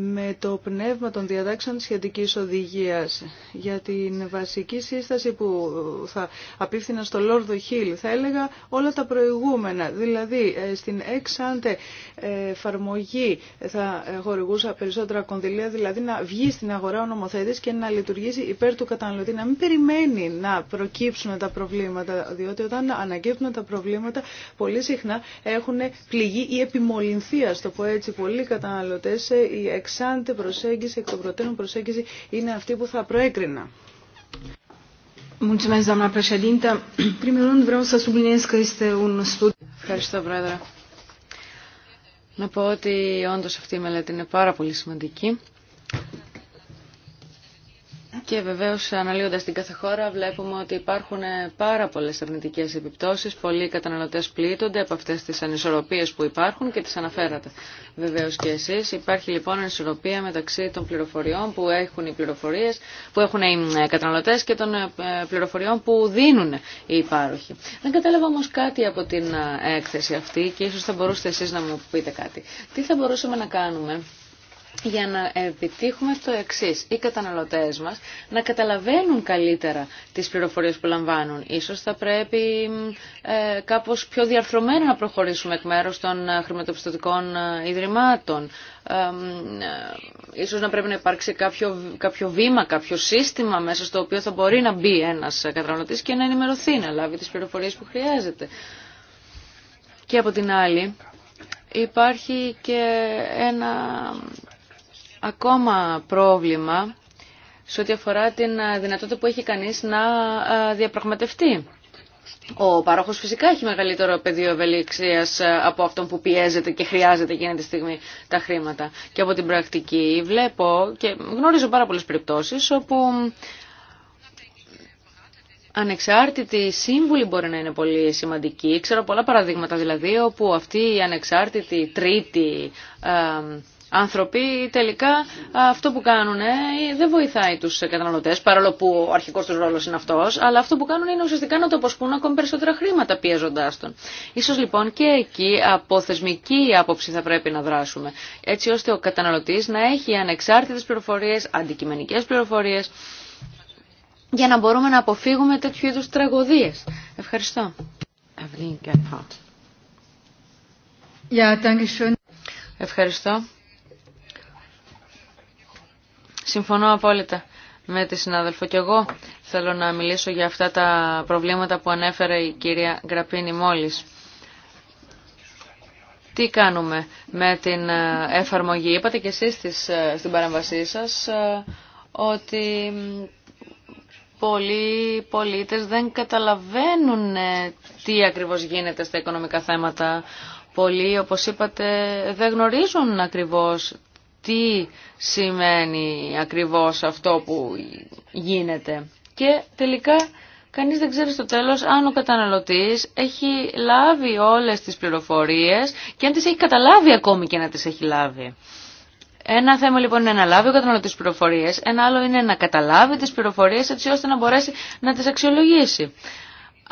με το πνεύμα των διατάξεων σχετικής οδηγίας για την βασική σύσταση που θα απίφθηνα στο Λόρδο Χίλ θα έλεγα όλα τα προηγούμενα δηλαδή ε, στην εξάντε εφαρμογή θα χορηγούσα περισσότερα κονδυλία δηλαδή να βγει στην αγορά ο νομοθέτης και να λειτουργήσει υπέρ του καταναλωτή να μην περιμένει να προκύψουν τα προβλήματα διότι όταν ανακύπτουν τα προβλήματα πολύ συχνά έχουν πληγεί ή επιμολυνθεί α το πω έτσι πολλοί καταναλωτές ε, οι εξάντε προσέγγιση, εκ των προτέρων προσέγγιση είναι αυτή που θα προέκρινα. Ευχαριστώ, Πρόεδρε. Να πω ότι όντω αυτή η μελέτη είναι πάρα πολύ σημαντική. Και βεβαίω, αναλύοντας την κάθε χώρα βλέπουμε ότι υπάρχουν ε, πάρα πολλέ αρνητικές επιπτώσει. πολλοί καταναλωτέ πλήττονται από αυτέ τι ανισορροπίες που υπάρχουν και τι αναφέρατε βεβαίω και εσεί. Υπάρχει λοιπόν ανισορροπία μεταξύ των πληροφοριών που έχουν οι πληροφορίες, που έχουν ε, καταναλωτές και των ε, πληροφοριών που δίνουν οι υπάροχοι. Δεν κατάλαβα όμω κάτι από την έκθεση αυτή και ίσω θα μπορούσατε εσεί να μου πείτε κάτι. Τι θα μπορούσαμε να κάνουμε για να επιτύχουμε το εξή. Οι καταναλωτέ μα να καταλαβαίνουν καλύτερα τι πληροφορίε που λαμβάνουν. Ίσως θα πρέπει ε, κάπω πιο διαρθρωμένα να προχωρήσουμε εκ μέρου των ε, χρηματοπιστωτικών ε, ιδρυμάτων. Ε, ε, ίσως να πρέπει να υπάρξει κάποιο, κάποιο βήμα, κάποιο σύστημα μέσα στο οποίο θα μπορεί να μπει ένα καταναλωτή και να ενημερωθεί, να λάβει τι πληροφορίε που χρειάζεται. Και από την άλλη, υπάρχει και ένα ακόμα πρόβλημα σε ό,τι αφορά την ε, δυνατότητα που έχει κανείς να ε, διαπραγματευτεί. Ο παρόχος φυσικά έχει μεγαλύτερο πεδίο ευελιξίας ε, από αυτόν που πιέζεται και χρειάζεται εκείνη τη στιγμή τα χρήματα. Και από την πρακτική βλέπω και γνωρίζω πάρα πολλές περιπτώσεις όπου ανεξάρτητη σύμβουλοι μπορεί να είναι πολύ σημαντική. Ξέρω πολλά παραδείγματα δηλαδή όπου αυτη η ανεξαρτητη τριτη άνθρωποι τελικά αυτό που κάνουν δεν βοηθάει τους καταναλωτές παρόλο που ο αρχικός τους ρόλος είναι αυτός αλλά αυτό που κάνουν είναι ουσιαστικά να το αποσπούν ακόμη περισσότερα χρήματα πιέζοντάς τον. Ίσως λοιπόν και εκεί από θεσμική άποψη θα πρέπει να δράσουμε έτσι ώστε ο καταναλωτής να έχει ανεξάρτητες πληροφορίες, αντικειμενικές πληροφορίες για να μπορούμε να αποφύγουμε τέτοιου είδους τραγωδίες. Ευχαριστώ. Ευχαριστώ. Συμφωνώ απόλυτα με τη συνάδελφο και εγώ θέλω να μιλήσω για αυτά τα προβλήματα που ανέφερε η κυρία Γκραπίνη μόλις. Τι κάνουμε με την ε, εφαρμογή. Είπατε και εσείς ε, στην παραμβασή σας ε, ότι πολλοί πολίτες δεν καταλαβαίνουν τι ακριβώς γίνεται στα οικονομικά θέματα. Πολλοί, όπως είπατε, δεν γνωρίζουν ακριβώς τι σημαίνει ακριβώς αυτό που γίνεται. Και τελικά κανείς δεν ξέρει στο τέλος αν ο καταναλωτής έχει λάβει όλες τις πληροφορίες και αν τις έχει καταλάβει ακόμη και να τις έχει λάβει. Ένα θέμα λοιπόν είναι να λάβει ο καταναλωτής πληροφορίες, ένα άλλο είναι να καταλάβει τις πληροφορίες έτσι ώστε να μπορέσει να τις αξιολογήσει.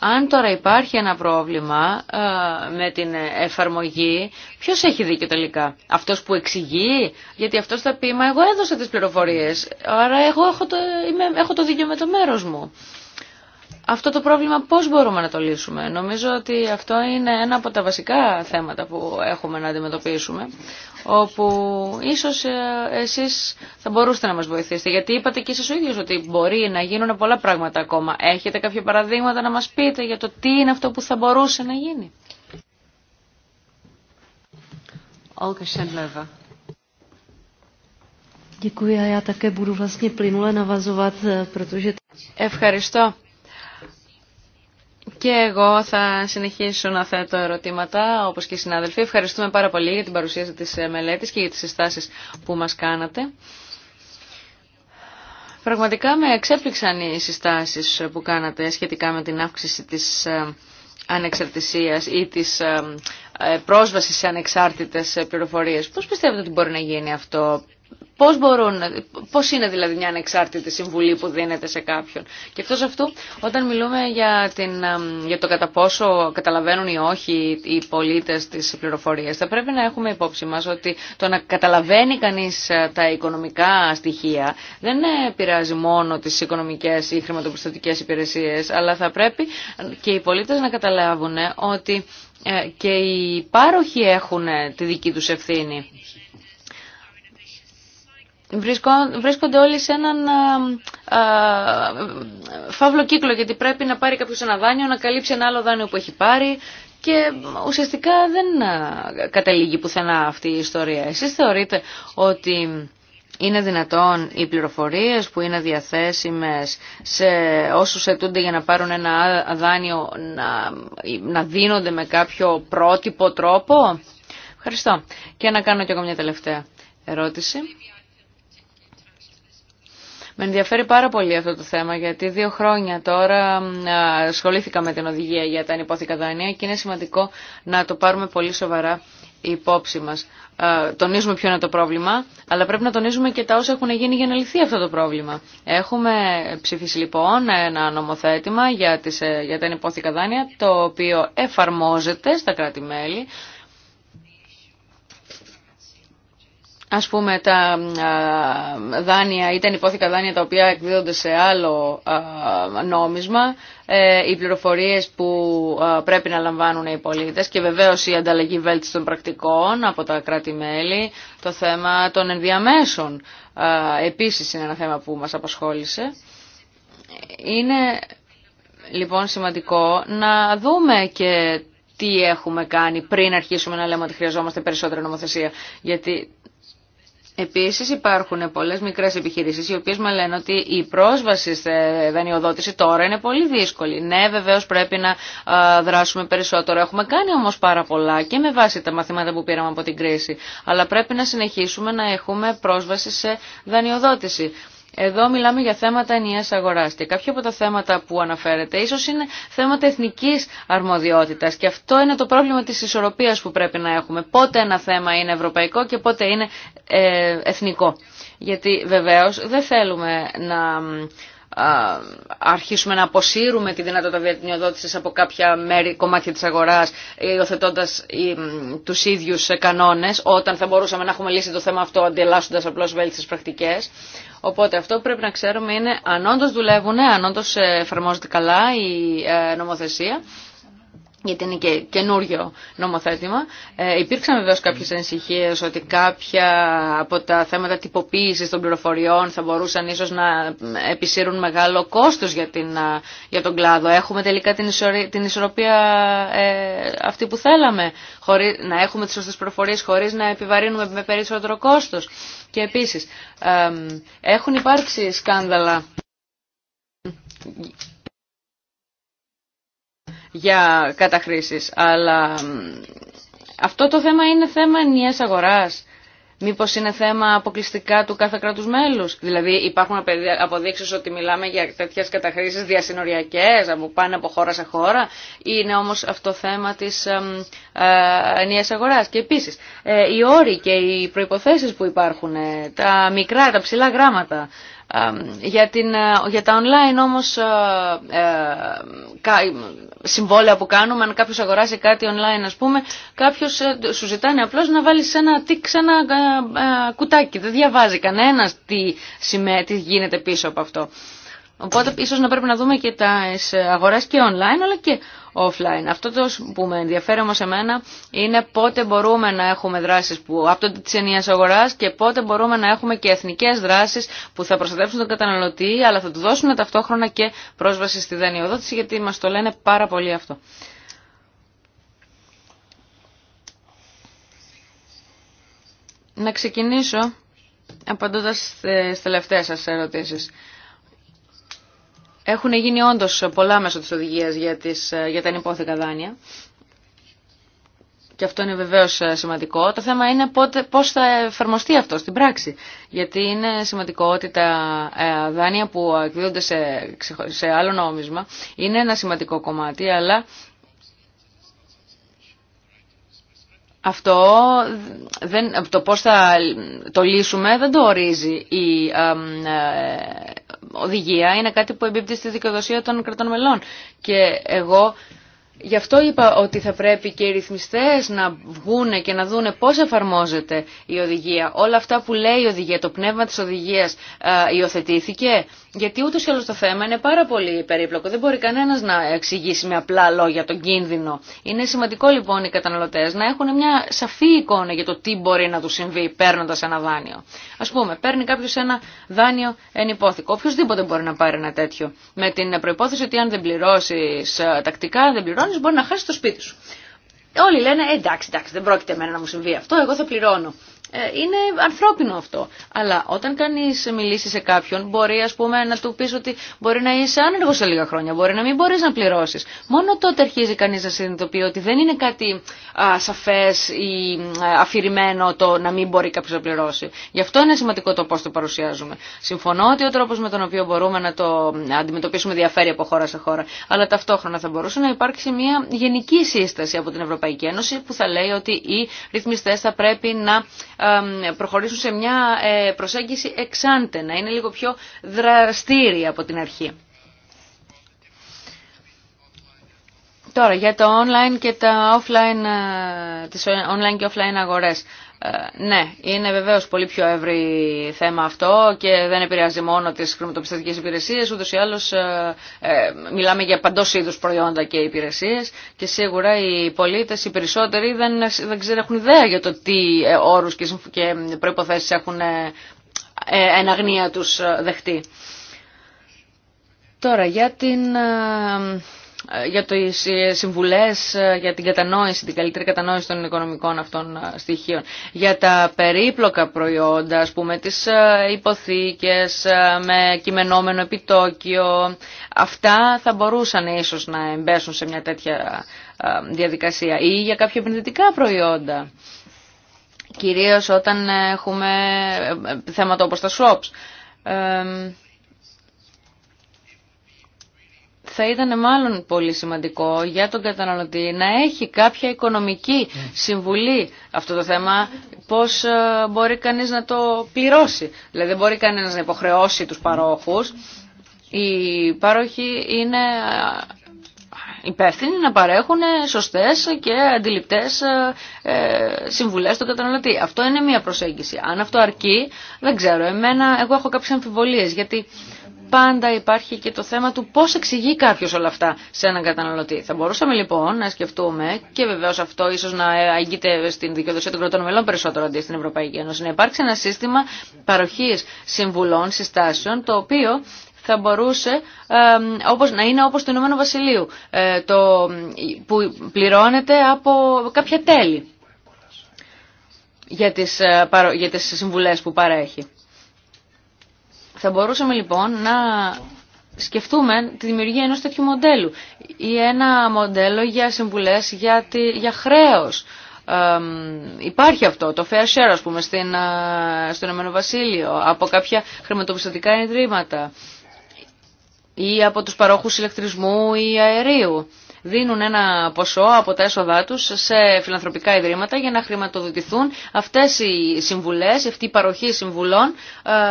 Αν τώρα υπάρχει ένα πρόβλημα ε, με την εφαρμογή, ποιος έχει δίκιο τελικά. Αυτός που εξηγεί, γιατί αυτός θα πει, μα εγώ έδωσα τις πληροφορίες, άρα εγώ έχω το, είμαι, δίκιο με το μέρος μου αυτό το πρόβλημα πώς μπορούμε να το λύσουμε. Νομίζω ότι αυτό είναι ένα από τα βασικά θέματα που έχουμε να αντιμετωπίσουμε, όπου ίσως ε, εσείς θα μπορούσατε να μας βοηθήσετε, γιατί είπατε και εσείς ο ίδιος ότι μπορεί να γίνουν πολλά πράγματα ακόμα. Έχετε κάποια παραδείγματα να μας πείτε για το τι είναι αυτό που θα μπορούσε να γίνει. Eh, Ευχαριστώ. Και εγώ θα συνεχίσω να θέτω ερωτήματα, όπως και οι συνάδελφοι. Ευχαριστούμε πάρα πολύ για την παρουσίαση της ε, μελέτης και για τις συστάσεις που μας κάνατε. Πραγματικά με εξέπληξαν οι συστάσεις που κάνατε σχετικά με την αύξηση της ε, ανεξαρτησίας ή της ε, πρόσβασης σε ανεξάρτητες πληροφορίες. Πώς πιστεύετε ότι μπορεί να γίνει αυτό, Πώς, πώς είναι δηλαδή μια ανεξάρτητη συμβουλή που δίνεται σε κάποιον. Και εκτός αυτού, όταν μιλούμε για, την, για το κατά πόσο καταλαβαίνουν ή όχι οι πολίτες τις πληροφορίες, θα πρέπει να έχουμε υπόψη μας ότι το να καταλαβαίνει κανείς ε, τα οικονομικά στοιχεία δεν επηρεάζει μόνο τις οικονομικές ή χρηματοπιστωτικές υπηρεσίες, αλλά θα πρέπει ε, και οι πολίτες να καταλάβουν ε, ότι και οι πάροχοι έχουν τη δική τους ευθύνη βρίσκονται όλοι σε έναν φαύλο κύκλο γιατί πρέπει να πάρει κάποιος ένα δάνειο, να καλύψει ένα άλλο δάνειο που έχει πάρει και ουσιαστικά δεν καταλήγει πουθενά αυτή η ιστορία. Εσείς θεωρείτε ότι είναι δυνατόν οι πληροφορίες που είναι διαθέσιμες σε όσους ετούνται για να πάρουν ένα δάνειο να, να δίνονται με κάποιο πρότυπο τρόπο. Ευχαριστώ. Και να κάνω και εγώ μια τελευταία ερώτηση. Με ενδιαφέρει πάρα πολύ αυτό το θέμα γιατί δύο χρόνια τώρα ασχολήθηκα με την οδηγία για τα ανυπόθηκα δάνεια και είναι σημαντικό να το πάρουμε πολύ σοβαρά υπόψη μας. Τονίζουμε ποιο είναι το πρόβλημα, αλλά πρέπει να τονίζουμε και τα όσα έχουν γίνει για να λυθεί αυτό το πρόβλημα. Έχουμε ψηφίσει λοιπόν ένα νομοθέτημα για, τις, ε, για τα ανυπόθηκα δάνεια, το οποίο εφαρμόζεται στα κράτη-μέλη ας πούμε τα δάνεια ήταν υπόθηκα δάνεια τα οποία εκδίδονται σε άλλο νόμισμα, ε, οι πληροφορίες που πρέπει να λαμβάνουν οι πολίτες και βεβαίως η ανταλλαγή των πρακτικών από τα κράτη-μέλη, το θέμα των ενδιαμέσων επίσης είναι ένα θέμα που μας απασχόλησε. Είναι λοιπόν σημαντικό να δούμε και τι έχουμε κάνει πριν αρχίσουμε να λέμε ότι χρειαζόμαστε περισσότερη νομοθεσία. Γιατί Επίσης υπάρχουν πολλές μικρές επιχειρήσεις οι οποίες μα λένε ότι η πρόσβαση σε δανειοδότηση τώρα είναι πολύ δύσκολη. Ναι βεβαίω πρέπει να δράσουμε περισσότερο. Έχουμε κάνει όμως πάρα πολλά και με βάση τα μαθήματα που πήραμε από την κρίση. Αλλά πρέπει να συνεχίσουμε να έχουμε πρόσβαση σε δανειοδότηση. Εδώ μιλάμε για θέματα ενιαία αγορά. και κάποια από τα θέματα που αναφέρετε ίσω είναι θέματα εθνική αρμοδιότητας και αυτό είναι το πρόβλημα τη ισορροπία που πρέπει να έχουμε. Πότε ένα θέμα είναι ευρωπαϊκό και πότε είναι ε, εθνικό. Γιατί βεβαίω δεν θέλουμε να αρχίσουμε να αποσύρουμε τη δυνατότητα διατηνιοδότησης από κάποια μέρη, κομμάτια της αγοράς, υιοθετώντα τους ίδιους κανόνες, όταν θα μπορούσαμε να έχουμε λύσει το θέμα αυτό αντιλάσσοντας απλώς βέλτιστες πρακτικές. Οπότε αυτό που πρέπει να ξέρουμε είναι αν όντω δουλεύουν, αν όντω ε, εφαρμόζεται καλά η ε, νομοθεσία γιατί είναι και καινούριο νομοθέτημα. Ε, υπήρξαν βεβαίω κάποιε ανησυχίε ότι κάποια από τα θέματα τυποποίηση των πληροφοριών θα μπορούσαν ίσω να επισύρουν μεγάλο κόστο για, για τον κλάδο. Έχουμε τελικά την, ισορροπία, την ε, αυτή που θέλαμε, να έχουμε τι σωστέ πληροφορίε χωρί να επιβαρύνουμε με περισσότερο κόστο. Και επίση, έχουν υπάρξει σκάνδαλα για καταχρήσεις, αλλά αυτό το θέμα είναι θέμα ενιαίας αγοράς. Μήπως είναι θέμα αποκλειστικά του κάθε κράτους μέλους. Δηλαδή υπάρχουν αποδείξεις ότι μιλάμε για τέτοιες καταχρήσεις διασυνοριακές, που πάνε από χώρα σε χώρα. Είναι όμως αυτό θέμα της ε, ενιαίας αγοράς. Και επίσης ε, οι όροι και οι προϋποθέσεις που υπάρχουν, ε, τα μικρά, τα ψηλά γράμματα, για, την, ε, για τα online όμως ε, ε, συμβόλαια που κάνουμε, αν κάποιος αγοράσει κάτι online ας πούμε, κάποιος σου ζητάνε απλώς να βάλεις ένα τικ σε ένα κουτάκι. Δεν διαβάζει κανένας τι, τι γίνεται πίσω από αυτό. Οπότε ίσως να πρέπει να δούμε και τα αγορέ και online αλλά και offline. Αυτό το που με ενδιαφέρει όμως εμένα είναι πότε μπορούμε να έχουμε δράσεις που από τη της και πότε μπορούμε να έχουμε και εθνικέ δράσεις που θα προστατεύσουν τον καταναλωτή αλλά θα του δώσουν ταυτόχρονα και πρόσβαση στη δανειοδότηση γιατί μα το λένε πάρα πολύ αυτό. Να ξεκινήσω απαντώντας στις τελευταίες σας ερωτήσεις. Έχουν γίνει όντω πολλά μέσω τη οδηγία για, για τα ανυπόθηκα δάνεια. Και αυτό είναι βεβαίως ε, σημαντικό. Το θέμα είναι πότε, πώς θα εφαρμοστεί αυτό στην πράξη. Γιατί είναι σημαντικό ότι τα ε, δάνεια που εκδίδονται σε, σε άλλο νόμισμα είναι ένα σημαντικό κομμάτι, αλλά Αυτό, δεν, το πώς θα το λύσουμε δεν το ορίζει η ε, οδηγία. Είναι κάτι που εμπίπτει στη δικαιοδοσία των κρατών μελών. Και εγώ γι' αυτό είπα ότι θα πρέπει και οι ρυθμιστές να βγούνε και να δούνε πώς εφαρμόζεται η οδηγία. Όλα αυτά που λέει η οδηγία, το πνεύμα της οδηγίας ε, υιοθετήθηκε. Γιατί ούτω ή άλλω το θέμα είναι πάρα πολύ περίπλοκο. Δεν μπορεί κανένα να εξηγήσει με απλά λόγια τον κίνδυνο. Είναι σημαντικό λοιπόν οι καταναλωτέ να έχουν μια σαφή εικόνα για το τι μπορεί να του συμβεί παίρνοντα ένα δάνειο. Α πούμε, παίρνει κάποιο ένα δάνειο εν υπόθηκο. Οποιοδήποτε μπορεί να πάρει ένα τέτοιο. Με την προπόθεση ότι αν δεν πληρώσει ε, τακτικά, δεν πληρώνει, μπορεί να χάσει το σπίτι σου. Όλοι λένε «Ε, εντάξει, εντάξει, δεν πρόκειται εμένα να μου συμβεί αυτό, εγώ θα πληρώνω. Ε, είναι ανθρώπινο αυτό. Αλλά όταν κανεί μιλήσει σε κάποιον, μπορεί ας πούμε, να του πει ότι μπορεί να είσαι άνεργο σε λίγα χρόνια, μπορεί να μην μπορεί να πληρώσει. Μόνο τότε αρχίζει κανεί να συνειδητοποιεί ότι δεν είναι κάτι σαφέ ή αφηρημένο το να μην μπορεί κάποιο να πληρώσει. Γι' αυτό είναι σημαντικό το πώ το παρουσιάζουμε. Συμφωνώ ότι ο τρόπο με τον οποίο μπορούμε να το αντιμετωπίσουμε διαφέρει από χώρα σε χώρα. Αλλά ταυτόχρονα θα μπορούσε να υπάρξει μια γενική σύσταση από την Ευρωπαϊκή Ένωση που θα λέει ότι οι ρυθμιστέ θα πρέπει να προχωρήσουν σε μια ε, προσέγγιση εξάντε, είναι λίγο πιο δραστήρια από την αρχή. Τώρα για το online και τα offline, ε, τις online και offline αγορές. Ε, ναι, είναι βεβαίως πολύ πιο ευρύ θέμα αυτό και δεν επηρεάζει μόνο τις χρηματοπιστωτικές υπηρεσίες, ούτως ή άλλως ε, ε, μιλάμε για παντός είδους προϊόντα και υπηρεσίες και σίγουρα οι πολίτες, οι περισσότεροι δεν, δεν ξέρουν, έχουν ιδέα για το τι όρους και, και προϋποθέσεις έχουν εν αγνία τους δεχτεί. Τώρα για την ε, για τις ε, συμβουλές ε, για την κατανόηση, την καλύτερη κατανόηση των οικονομικών αυτών στοιχείων. Για τα περίπλοκα προϊόντα, ας πούμε, τις υποθήκες με κειμενόμενο επιτόκιο, αυτά θα μπορούσαν ίσως να εμπέσουν σε μια τέτοια διαδικασία ή για κάποια επενδυτικά προϊόντα. Κυρίως όταν έχουμε θέματα όπως τα swaps. θα ήταν μάλλον πολύ σημαντικό για τον καταναλωτή να έχει κάποια οικονομική συμβουλή αυτό το θέμα, πώς ε, μπορεί κανείς να το πληρώσει. Δηλαδή δεν μπορεί κανένα να υποχρεώσει τους παρόχους. Οι παρόχοι είναι ε, υπεύθυνοι να παρέχουν σωστές και αντιληπτές ε, συμβουλές στον καταναλωτή. Αυτό είναι μία προσέγγιση. Αν αυτό αρκεί, δεν ξέρω. Εμένα, εγώ έχω κάποιες αμφιβολίες, γιατί πάντα υπάρχει και το θέμα του πώς εξηγεί κάποιος όλα αυτά σε έναν καταναλωτή. Θα μπορούσαμε λοιπόν να σκεφτούμε και βεβαίως αυτό ίσως να αγγείται στην δικαιοδοσία των κρατών μελών περισσότερο αντί στην Ευρωπαϊκή Ένωση, να υπάρξει ένα σύστημα παροχής συμβουλών, συστάσεων, το οποίο θα μπορούσε ε, όπως, να είναι όπως το Ηνωμένο Βασιλείο, ε, το, που πληρώνεται από κάποια τέλη για τις, ε, για τις συμβουλές που παρέχει. Θα μπορούσαμε λοιπόν να σκεφτούμε τη δημιουργία ενός τέτοιου μοντέλου ή ένα μοντέλο για συμβουλές για, τη, για χρέος. υπάρχει αυτό, το fair share ας πούμε στην, ε, στο Ηνωμένο Βασίλειο από κάποια χρηματοπιστωτικά ιδρύματα ή από τους παρόχους ηλεκτρισμού ή αερίου δίνουν ένα ποσό από τα έσοδά τους σε φιλανθρωπικά ιδρύματα για να χρηματοδοτηθούν αυτές οι συμβουλές, αυτή η παροχή συμβουλών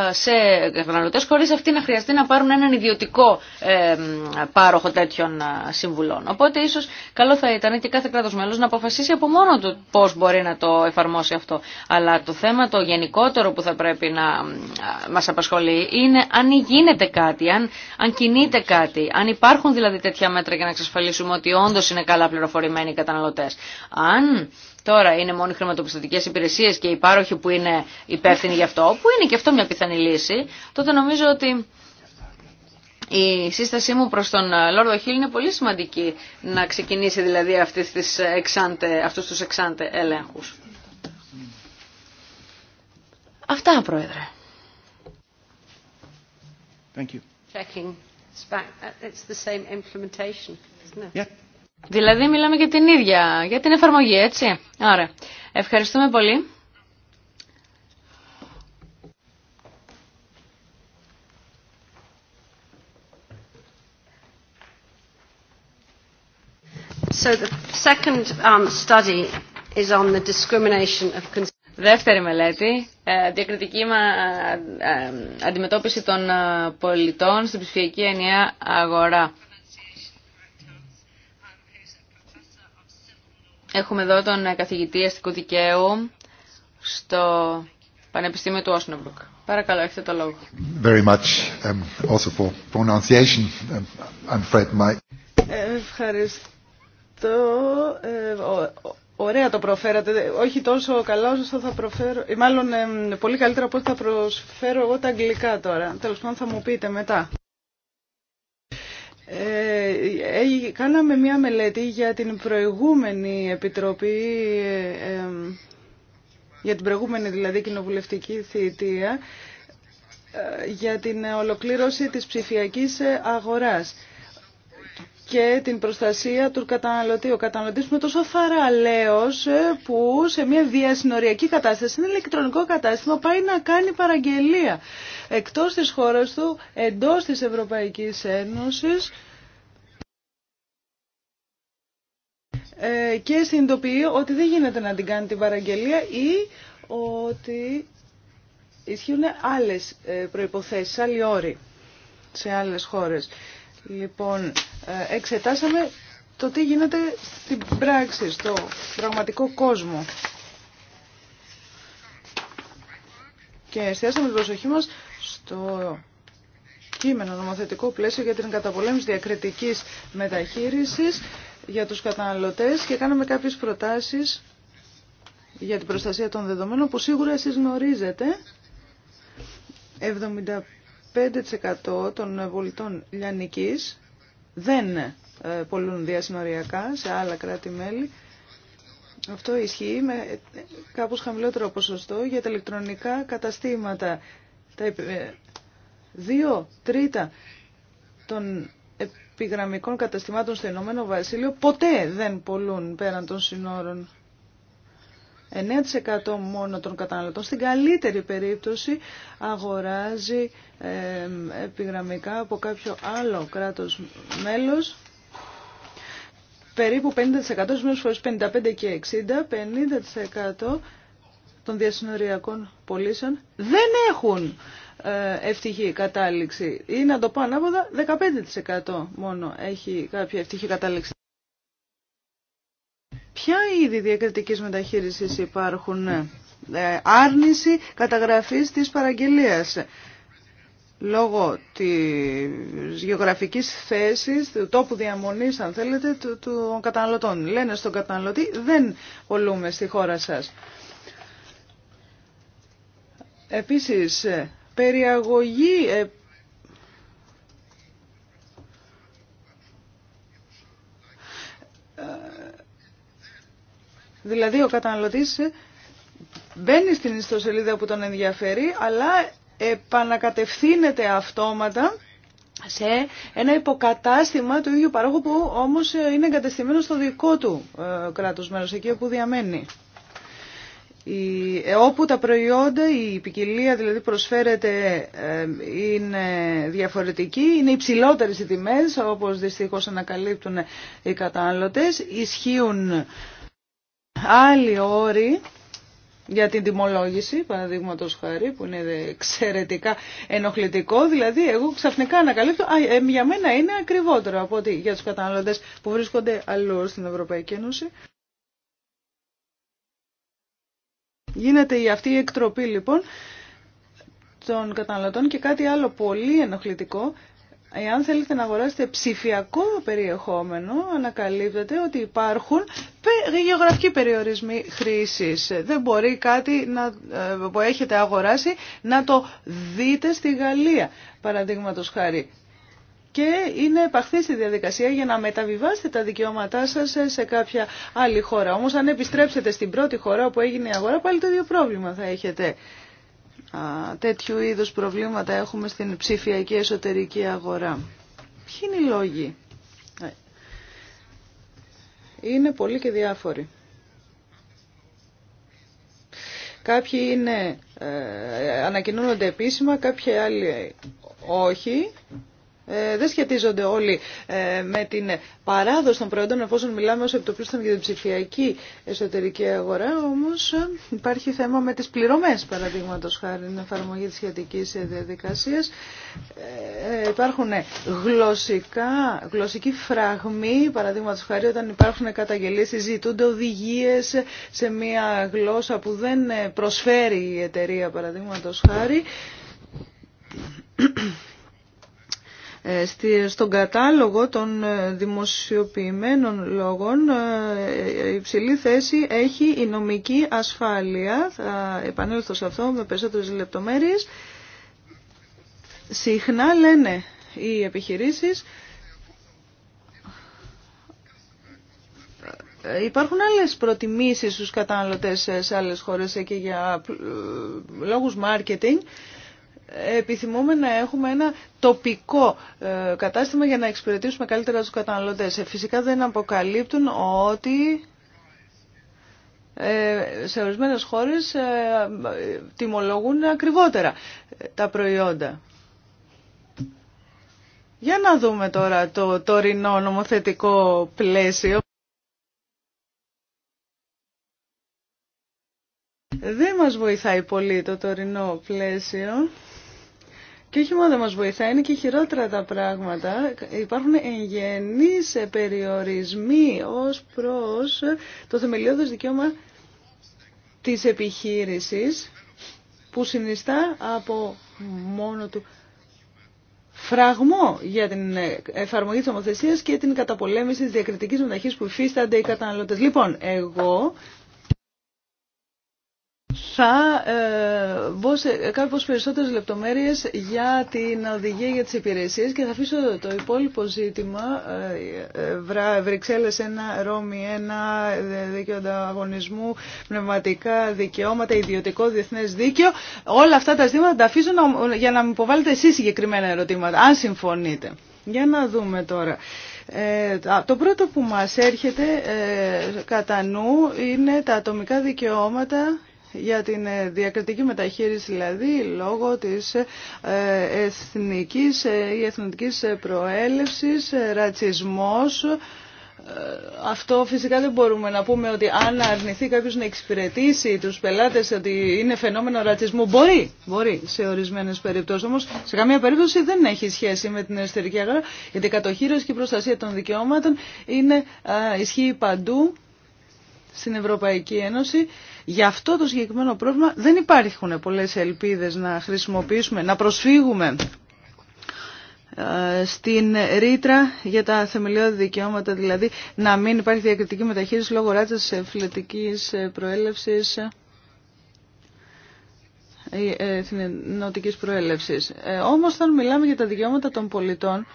ε, σε καταναλωτές χωρίς αυτοί να χρειαστεί να πάρουν έναν ιδιωτικό ε, πάροχο τέτοιων ε, συμβουλών. Οπότε ίσως καλό θα ήταν και κάθε κράτος μέλος να αποφασίσει από μόνο του πώς μπορεί να το εφαρμόσει αυτό. Αλλά το θέμα το γενικότερο που θα πρέπει να μας απασχολεί είναι αν γίνεται κάτι, αν, αν κινείται κάτι, αν υπάρχουν δηλαδή τέτοια μέτρα για να εξασφαλίσουμε ότι ότι όντω είναι καλά πληροφορημένοι οι καταναλωτέ. Αν τώρα είναι μόνο οι χρηματοπιστωτικέ υπηρεσίε και οι πάροχοι που είναι υπεύθυνοι γι' αυτό, που είναι και αυτό μια πιθανή λύση, τότε νομίζω ότι η σύστασή μου προς τον Λόρδο Χίλ είναι πολύ σημαντική να ξεκινήσει δηλαδή αυτές τις εξάντε, αυτούς τους εξάντε ελέγχους. Αυτά, Πρόεδρε. Thank you. Ναι. Δηλαδή μιλάμε για την ίδια, για την εφαρμογή, έτσι. Ωραία. Ευχαριστούμε πολύ. second um, study is Δεύτερη μελέτη, ε, διακριτική ε, ε, αντιμετώπιση των πολιτών στην ψηφιακή ενιαία αγορά. Έχουμε εδώ τον ε, καθηγητή αστικού δικαίου στο Πανεπιστήμιο του Όσνοβρουκ. Παρακαλώ, έχετε το λόγο. Very much, um, also for pronunciation. Um, I'm afraid my... Ευχαριστώ. Ε, ωραία το προφέρατε. Όχι τόσο καλά όσο θα προφέρω, ή μάλλον πολύ καλύτερα από θα προσφέρω εγώ τα αγγλικά τώρα. Τέλος πάντων θα μου πείτε μετά. Ε, ε, κάναμε μία μελέτη για την προηγούμενη επιτροπή, ε, ε για την προηγούμενη δηλαδή κοινοβουλευτική θητεία, ε, για την ολοκλήρωση της ψηφιακής αγοράς και την προστασία του καταναλωτή. Ο καταναλωτή είναι τόσο θαραλέο ε, που σε μια διασυνοριακή κατάσταση, σε ένα ηλεκτρονικό κατάστημα, πάει να κάνει παραγγελία εκτό τη χώρα του, εντό τη Ευρωπαϊκή Ένωση. Ε, και συνειδητοποιεί ότι δεν γίνεται να την κάνει την παραγγελία ή ότι ισχύουν άλλες ε, προϋποθέσεις, άλλοι όροι σε άλλες χώρες. Λοιπόν, ε, εξετάσαμε το τι γίνεται στην πράξη, στο πραγματικό κόσμο. Και εστιάσαμε την προσοχή μας στο κείμενο νομοθετικό πλαίσιο για την καταπολέμηση διακριτικής μεταχείρισης για τους καταναλωτές και κάναμε κάποιες προτάσεις για την προστασία των δεδομένων που σίγουρα εσείς γνωρίζετε. 75% των πολιτών Λιανικής δεν ε, πολλούν διασυνοριακά σε άλλα κράτη-μέλη. Αυτό ισχύει με κάπως χαμηλότερο ποσοστό για τα ηλεκτρονικά καταστήματα. Τα ε, δύο τρίτα των επιγραμμικών καταστημάτων στο Ηνωμένο Βασίλειο ποτέ δεν πολλούν πέραν των συνόρων. 9% μόνο των καταναλωτών στην καλύτερη περίπτωση αγοράζει ε, επιγραμμικά από κάποιο άλλο κράτος μέλος περίπου 50% στις φορές 55 και 60, 50% των διασυνοριακών πωλήσεων δεν έχουν ε, ευτυχή κατάληξη ή να το πω ανάποδα 15% μόνο έχει κάποια ευτυχή κατάληξη. Ποια είδη διακριτικής μεταχείρισης υπάρχουν. Ναι. Ε, άρνηση καταγραφής της παραγγελίας λόγω της γεωγραφικής θέσης, του τόπου διαμονής αν θέλετε, των καταναλωτών. Λένε στον καταναλωτή δεν πολλούμε στη χώρα σας. Επίσης, περιαγωγή ε, Δηλαδή ο καταναλωτής μπαίνει στην ιστοσελίδα που τον ενδιαφέρει, αλλά επανακατευθύνεται αυτόματα σε ένα υποκατάστημα του ίδιου παρόχου που όμως είναι εγκατεστημένο στο δικό του ε, κράτος μέρος, εκεί όπου διαμένει. Ε, όπου τα προϊόντα, η ποικιλία δηλαδή προσφέρεται ε, είναι διαφορετική, είναι υψηλότερες οι τιμές όπως δυστυχώς ανακαλύπτουν οι καταναλωτές, ισχύουν άλλοι όροι για την τιμολόγηση, παραδείγματο χάρη, που είναι εξαιρετικά ενοχλητικό. Δηλαδή, εγώ ξαφνικά ανακαλύπτω, α, ε, για μένα είναι ακριβότερο από ότι για τους καταναλωτές που βρίσκονται αλλού στην Ευρωπαϊκή Ένωση. Γίνεται η αυτή η εκτροπή λοιπόν των καταναλωτών και κάτι άλλο πολύ ενοχλητικό Εάν θέλετε να αγοράσετε ψηφιακό περιεχόμενο, ανακαλύπτεται ότι υπάρχουν γεωγραφικοί περιορισμοί χρήσης. Δεν μπορεί κάτι να, ε, που έχετε αγοράσει να το δείτε στη Γαλλία, παραδείγματο χάρη. Και είναι επαχθή στη διαδικασία για να μεταβιβάσετε τα δικαιώματά σα σε κάποια άλλη χώρα. Όμω, αν επιστρέψετε στην πρώτη χώρα που έγινε η αγορά, πάλι το ίδιο πρόβλημα θα έχετε τέτοιου είδους προβλήματα έχουμε στην ψηφιακή εσωτερική αγορά. Ποιοι είναι οι λόγοι. Ε, είναι πολύ και διάφοροι. Κάποιοι είναι, ε, ανακοινώνονται επίσημα, κάποιοι άλλοι όχι. Ε, δεν σχετίζονται όλοι ε, με την παράδοση των προϊόντων, εφόσον μιλάμε ω επιτοπλίστων για την ψηφιακή εσωτερική αγορά. Όμω ε, υπάρχει θέμα με τις πληρωμές παραδείγματο χάρη, την εφαρμογή τη σχετική διαδικασία. Υπάρχουν γλωσσικά, γλωσσικοί φραγμοί, παραδείγματος χάρη, όταν υπάρχουν καταγγελίε, ζητούνται οδηγίες σε μια γλώσσα που δεν προσφέρει η εταιρεία, παραδείγματο χάρη ε, στον κατάλογο των ε, δημοσιοποιημένων λόγων ε, υψηλή θέση έχει η νομική ασφάλεια. Θα επανέλθω σε αυτό με περισσότερες λεπτομέρειες. Συχνά λένε οι επιχειρήσεις υπάρχουν άλλες προτιμήσεις στους καταναλωτές σε άλλες χώρες και για λόγους marketing επιθυμούμε να έχουμε ένα τοπικό ε, κατάστημα για να εξυπηρετήσουμε καλύτερα τους καταναλωτές. Ε, φυσικά δεν αποκαλύπτουν ότι ε, σε ορισμένες χώρες τιμολογούν ακριβότερα τα προϊόντα. Για να δούμε τώρα το τωρινό νομοθετικό πλαίσιο. Δεν μας βοηθάει πολύ το τωρινό πλαίσιο. Και όχι μόνο δεν μας βοηθάει, είναι και χειρότερα τα πράγματα. Υπάρχουν εγγενείς περιορισμοί ως προς το θεμελιώδες δικαίωμα της επιχείρησης που συνιστά από μόνο του φραγμό για την εφαρμογή της ομοθεσίας και την καταπολέμηση της διακριτικής μεταχείρισης που υφίστανται οι καταναλωτές. Λοιπόν, εγώ θα ε, μπω σε κάποιες περισσότερες λεπτομέρειες για την οδηγία για τις υπηρεσίες και θα αφήσω το υπόλοιπο ζήτημα ε, ε Βρυξέλλες 1, Ρώμη 1, δίκαιο ανταγωνισμού, πνευματικά δικαιώματα, ιδιωτικό διεθνές δίκαιο. Όλα αυτά τα ζητήματα τα αφήσω να, για να μου υποβάλλετε εσείς συγκεκριμένα ερωτήματα, αν συμφωνείτε. Για να δούμε τώρα. Ε, το πρώτο που μας έρχεται ε, κατά νου είναι τα ατομικά δικαιώματα για την ε, διακριτική μεταχείριση δηλαδή λόγω της ε, εθνικής ε, ή εθνικής προέλευσης, ρατσισμός. Αυτό φυσικά δεν μπορούμε να πούμε ότι αν αρνηθεί κάποιος να εξυπηρετήσει τους πελάτες ότι είναι φαινόμενο ρατσισμού. Μπορεί, μπορεί σε ορισμένες περιπτώσεις όμως σε καμία περίπτωση δεν έχει σχέση με την εσωτερική αγορά γιατί η κατοχήρωση και η προστασία των δικαιώματων είναι, ισχύει παντού στην Ευρωπαϊκή Ένωση για αυτό το συγκεκριμένο πρόβλημα δεν υπάρχουν πολλές ελπίδες να χρησιμοποιήσουμε, να προσφύγουμε ε, στην ρήτρα για τα θεμελιώδη δικαιώματα, δηλαδή να μην υπάρχει διακριτική μεταχείριση λόγω ράτσας φιλετικής ε, προέλευσης ε, εθνοτικής προέλευσης. Όμως όταν μιλάμε για τα δικαιώματα των πολιτών,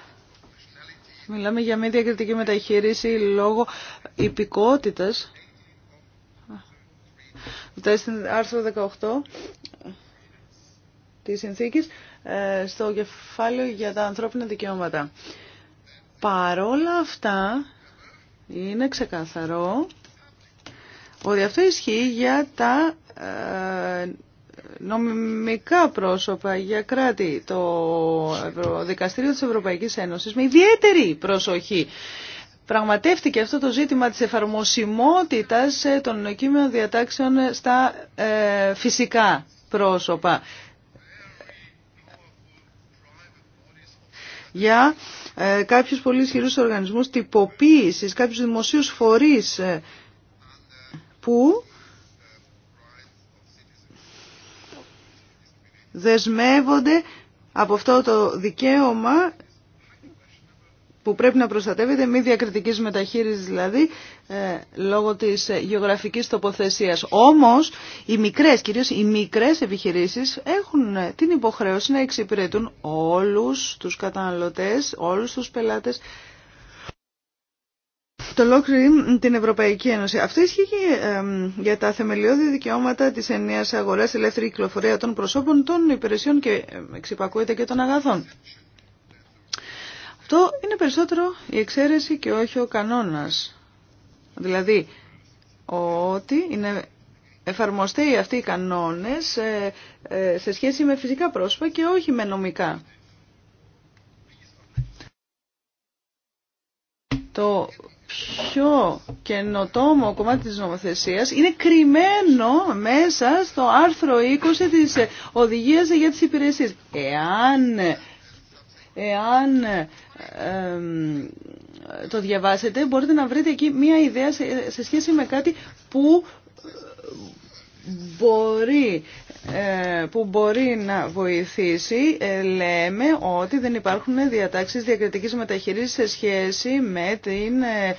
μιλάμε για μη διακριτική μεταχείριση λόγω υπηκότητας, Αυτά άρθρο 18 της συνθήκης ε, στο κεφάλαιο για τα ανθρώπινα δικαιώματα. Παρόλα αυτά είναι ξεκαθαρό ότι αυτό ισχύει για τα ε, νομικά πρόσωπα για κράτη. Το Δικαστήριο της Ευρωπαϊκής Ένωσης με ιδιαίτερη προσοχή πραγματεύτηκε αυτό το ζήτημα της εφαρμοσιμότητας ε, των κείμενων διατάξεων στα ε, φυσικά πρόσωπα. Για ε, κάποιους πολύ ισχυρού οργανισμούς τυποποίησης, κάποιους δημοσίους φορείς που δεσμεύονται από αυτό το δικαίωμα που πρέπει να προστατεύεται, μη διακριτικής μεταχείρισης δηλαδή, ε, λόγω της ε, γεωγραφικής τοποθεσίας. Όμως, οι μικρές, κυρίως οι μικρές επιχειρήσεις έχουν ε, την υποχρέωση να εξυπηρετούν όλους τους καταναλωτές, όλους τους πελάτες, το ολόκληρη την Ευρωπαϊκή Ένωση. Αυτό ισχύει για τα θεμελιώδη δικαιώματα της ενιαίας αγοράς, ελεύθερη κυκλοφορία των προσώπων, των υπηρεσιών και εξυπακούεται και των αγαθών. Αυτό είναι περισσότερο η εξαίρεση και όχι ο κανόνας. Δηλαδή, ότι είναι εφαρμοστεί αυτοί οι κανόνες ε, ε, σε σχέση με φυσικά πρόσωπα και όχι με νομικά. Το πιο καινοτόμο κομμάτι της νομοθεσίας είναι κρυμμένο μέσα στο άρθρο 20 της Οδηγίας για τις Υπηρεσίες. Εάν Εάν το διαβάσετε μπορείτε να βρείτε εκεί μία ιδέα σε σχέση με κάτι που μπορεί ε, που μπορεί να βοηθήσει ε, λέμε ότι δεν υπάρχουν διατάξεις διακριτικής μεταχειρίσης σε σχέση με την ε,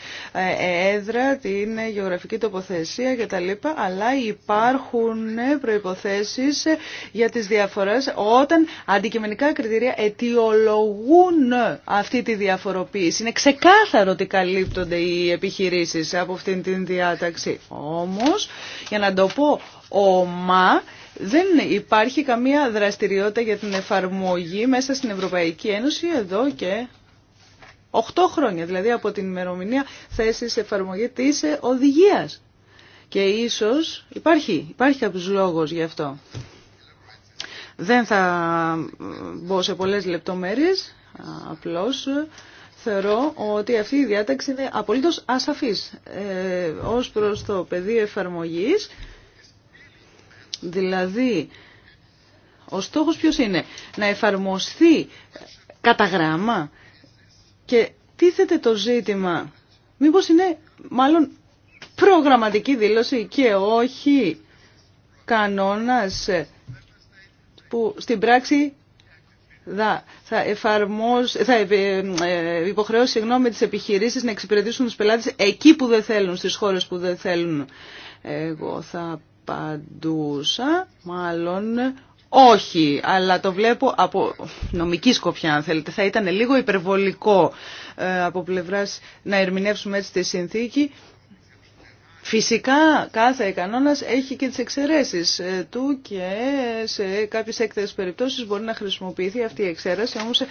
έδρα, την γεωγραφική τοποθεσία κτλ. Αλλά υπάρχουν προϋποθέσεις για τις διαφορές όταν αντικειμενικά κριτήρια αιτιολογούν αυτή τη διαφοροποίηση. Είναι ξεκάθαρο ότι καλύπτονται οι επιχειρήσεις από αυτήν την διάταξη. Όμως, για να το πω ομά, δεν υπάρχει καμία δραστηριότητα για την εφαρμογή μέσα στην Ευρωπαϊκή Ένωση εδώ και 8 χρόνια, δηλαδή από την ημερομηνία θέσης εφαρμογή της οδηγίας. Και ίσως υπάρχει, υπάρχει κάποιος λόγος γι' αυτό. Δεν θα μπω σε πολλές λεπτομέρειες, απλώς θεωρώ ότι αυτή η διάταξη είναι απολύτως ασαφής ε, ως προς το πεδίο εφαρμογής Δηλαδή, ο στόχος ποιος είναι, να εφαρμοστεί κατά γράμμα και τίθεται το ζήτημα, μήπως είναι μάλλον προγραμματική δήλωση και όχι κανόνας που στην πράξη θα, θα ε, ε, ε, υποχρεώσει συγγνώμη, τις επιχειρήσεις να εξυπηρετήσουν τους πελάτες εκεί που δεν θέλουν, στις χώρες που δεν θέλουν. Εγώ θα απαντούσα, μάλλον όχι, αλλά το βλέπω από νομική σκοπιά αν θέλετε. Θα ήταν λίγο υπερβολικό ε, από πλευράς να ερμηνεύσουμε έτσι τη συνθήκη. Φυσικά κάθε κανόνας έχει και τις εξαιρέσεις ε, του και σε κάποιες έκτατες περιπτώσεις μπορεί να χρησιμοποιηθεί αυτή η εξαίρεση. Όμως ε,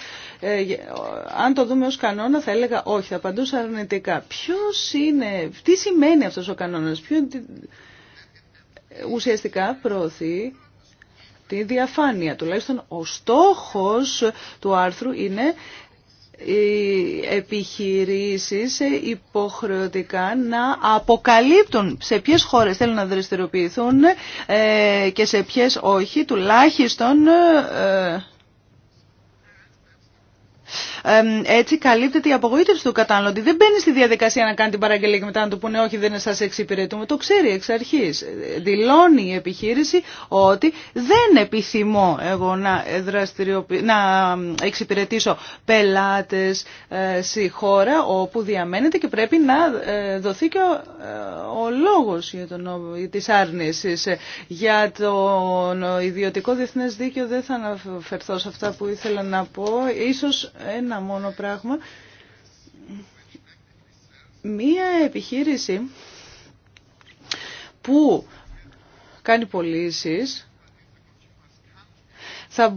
αν το δούμε ως κανόνα θα έλεγα όχι, θα απαντούσα αρνητικά. Ποιος είναι, τι σημαίνει αυτός ο κανόνας, ποιο, ουσιαστικά προωθεί τη διαφάνεια. Τουλάχιστον ο στόχος του άρθρου είναι οι επιχειρήσεις υποχρεωτικά να αποκαλύπτουν σε ποιες χώρες θέλουν να δραστηριοποιηθούν ε, και σε ποιες όχι, τουλάχιστον ε, έτσι καλύπτεται η απογοήτευση του καταναλωτή. Δεν μπαίνει στη διαδικασία να κάνει την παραγγελία και μετά να του πούνε όχι δεν σα εξυπηρετούμε. Το ξέρει εξ αρχή. Δηλώνει η επιχείρηση ότι δεν επιθυμώ εγώ να, να εξυπηρετήσω πελάτε ε, στη χώρα όπου διαμένεται και πρέπει να ε, δοθεί και ε, ο λόγος για τον, της άρνησης. Για το ιδιωτικό διεθνές δίκαιο δεν θα αναφερθώ σε αυτά που ήθελα να πω. Ίσως ένα μόνο πράγμα. Μία επιχείρηση που κάνει πωλήσει θα,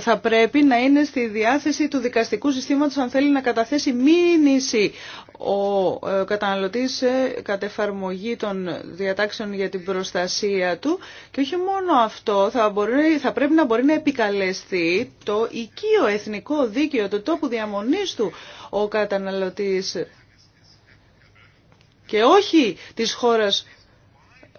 θα πρέπει να είναι στη διάθεση του δικαστικού συστήματος αν θέλει να καταθέσει μήνυση ο ε, καταναλωτής κατ' εφαρμογή των διατάξεων για την προστασία του και όχι μόνο αυτό, θα, μπορεί, θα πρέπει να μπορεί να επικαλεστεί το οικείο εθνικό δίκαιο το τόπου διαμονής του ο καταναλωτής και όχι της χώρας